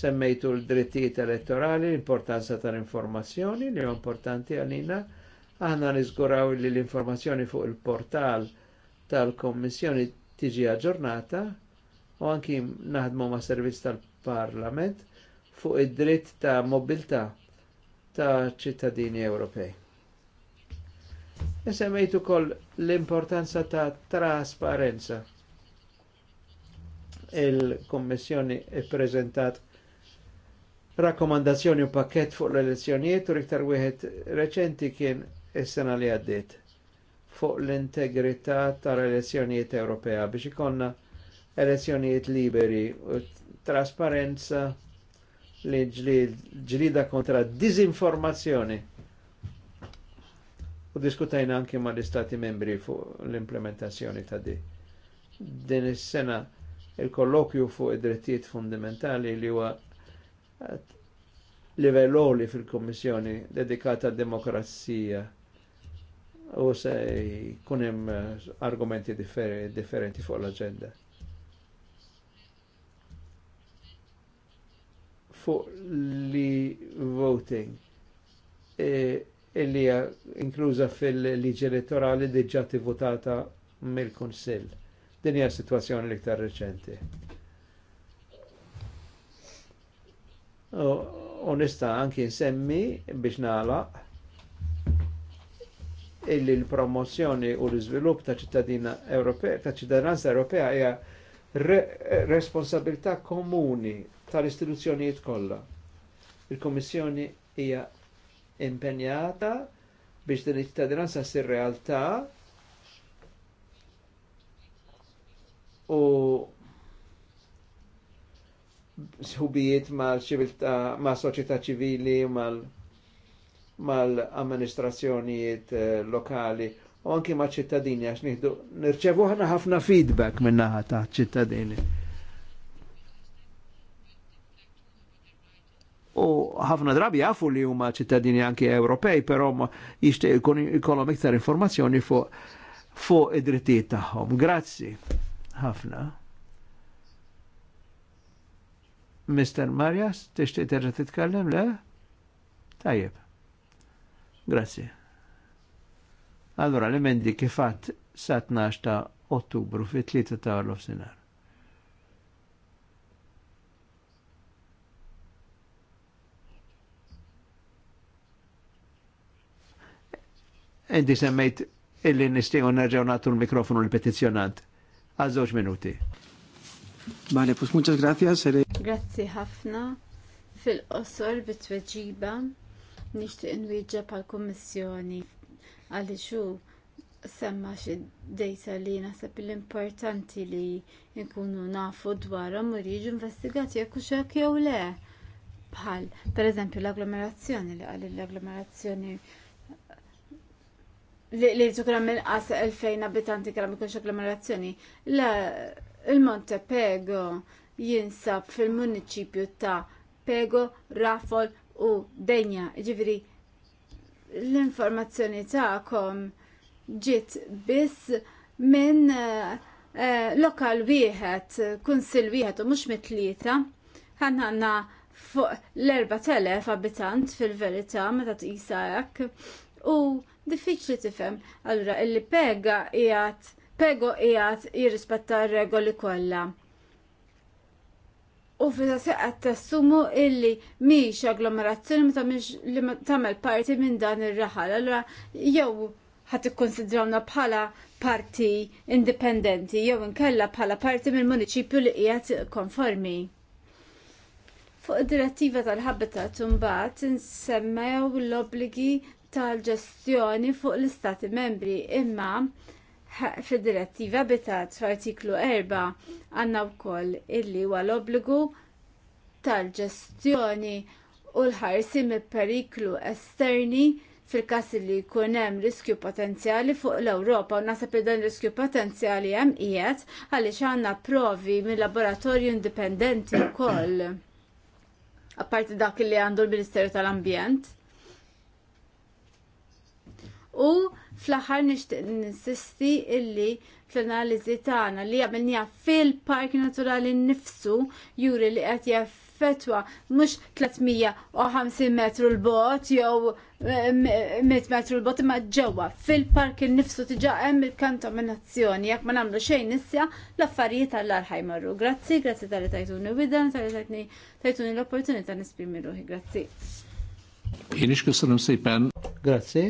Semmejtu l-drittijiet elettorali, l-importanza tal-informazzjoni li importanti għalina Aħna nizguraw li l-informazzjoni fuq il-portal tal-Kommissjoni tiġi aġġornata u anki naħdmu ma' servizz tal-Parlament fuq id-dritt ta' mobilità ta' ċittadini Ewropej. Nisemmejtu kol l-importanza ta' trasparenza. Il-Kommissjoni e prezentat rakkomandazzjoni u pakket fuq l-elezzjonijiet u iktar wieħed reċenti kien is-sena li għaddiet fuq l-integrità tal-elezzjonijiet Ewropea biex ikonna elezzjonijiet liberi u trasparenza li ġlida kontra dizinformazzjoni. U diskutajna anki ma l-istati membri fuq l-implementazzjoni ta' di. Din is-sena il-kollokju fuq id-drittijiet fundamentali li huwa livell fil-Kommissjoni dedikata demokrazija. demokrazija u se jkun hemm eh, argumenti differenti fuq l agenda Fuq li voting illi eh, inkluża fil-liġi elettorali diġà votata mill-Kunsill. Din hija sitwazzjoni l-iktar reċenti. Onesta, anki nsemmi biex nalaq illi l-promozzjoni u l-iżvilupp ta' ċittadina Ewropea, ta' ċittadinanza Ewropea hija re responsabilità komuni tal-istituzzjonijiet kollha. Il-Kommissjoni hija impenjata biex din iċ-ċittadinanza ssir realtà u sħubijiet mal-ċiviltà, ma' soċjetà ċivili u mal-, mal mal-amministrazzjonijiet eh, lokali u anki ma' ċittadini għax nieħdu nirċevu aħna ħafna feedback minnaħa ta' ċittadini. U ħafna drabi jafu li huma ċittadini anki Ewropej, però jixtieq ikollhom iktar informazzjoni fuq fu id-drittijiet tagħhom. Grazzi ħafna. Mr. Marjas, tixtieq terġa' titkellem le? Tajjeb. Grazie. Allora, l-emendi kifat sa ta' ottubru fit tlieta ta' orlof sinar. Enti semmejt illi nistiju nerġaw natu l-mikrofonu l-petizjonant. Għazzoċ minuti. Vale, pues muchas gracias. Grazie ħafna fil-qosor bit-tweġiba nixtieq inwieġeb għall kummissjoni għaliex hu semma xi dejta li naħseb l-importanti li nkunu nafu dwarhom u jiġu investigati jekk hux hekk jew le. Bħal, pereżempju l-agglomerazzjoni li qal l-agglomerazzjoni li tukra minn qas 2000 abitanti kera mikunx agglomerazzjoni, la il-Montepego jinsab fil-municipju ta' Pego, Rafol, u dejja, ġifiri l-informazzjoni ta'kom ġiet biss minn eh, eh, lokal wieħed, kunsil wieħed u mhux mit-tlieta. Ħanna fuq l-4000 abitant fil-verità meta tqisha hekk u diffiċli tifhem. Allura illi pega qiegħed pego qiegħed jirrispetta r-regoli kollha. U seqqa t tassumu illi miex agglomerazzjoni li tamel parti minn dan ir-raħal. Allora jew ħat ikkonsidrawna bħala parti indipendenti jew inkella bħala parti mill municipju li qiegħed konformi. Fuq id-direttiva tal-habitat imbagħad insemmew l-obbligi tal-ġestjoni fuq l-istati membri imma fil-direttiva bitat f'artiklu 4 għanna wkoll illi huwa l-obbligu tal-ġestjoni u l-ħarsi mill periklu esterni fil-kas li jkun hemm riskju potenzjali fuq l-Ewropa u nasab li dan riskju potenzjali hemm qiegħed għaliex għandna provi minn laboratorju indipendenti wkoll. Apparti dak li għandu l-Ministeru tal-Ambjent. U Fl-aħħar nixtieq ninsisti illi fl-analiżi tagħna li għamilniha fil-park naturali nnifsu juri li qed jaffetwa mhux 350 metru l bot jew 100 eh, metru l bot imma ġewwa fil-park nifsu tiġa hemm il-kantaminazzjoni jekk ma nagħmlu xejn issa l-affarijiet għall ħajmarru. Grazzi, grazzi tal-li tajtuni widan, tal-li tajtuni l-opportunità nisprimi ruħi. Grazzi. Jien ix Grazzi.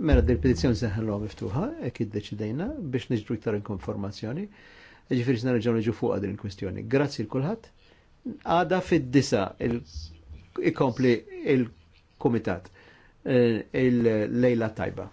Mela dil-petizzjoni seħħanlu miftuħa, ek iddeċidejna deċidejna biex niġru iktar informazzjoni. Ġifiri xna reġgħu niġu fuq din il kwestjoni Grazzi l-kulħadd. Għada fid-disa ikompli il-komitat eh, il-lejla tajba.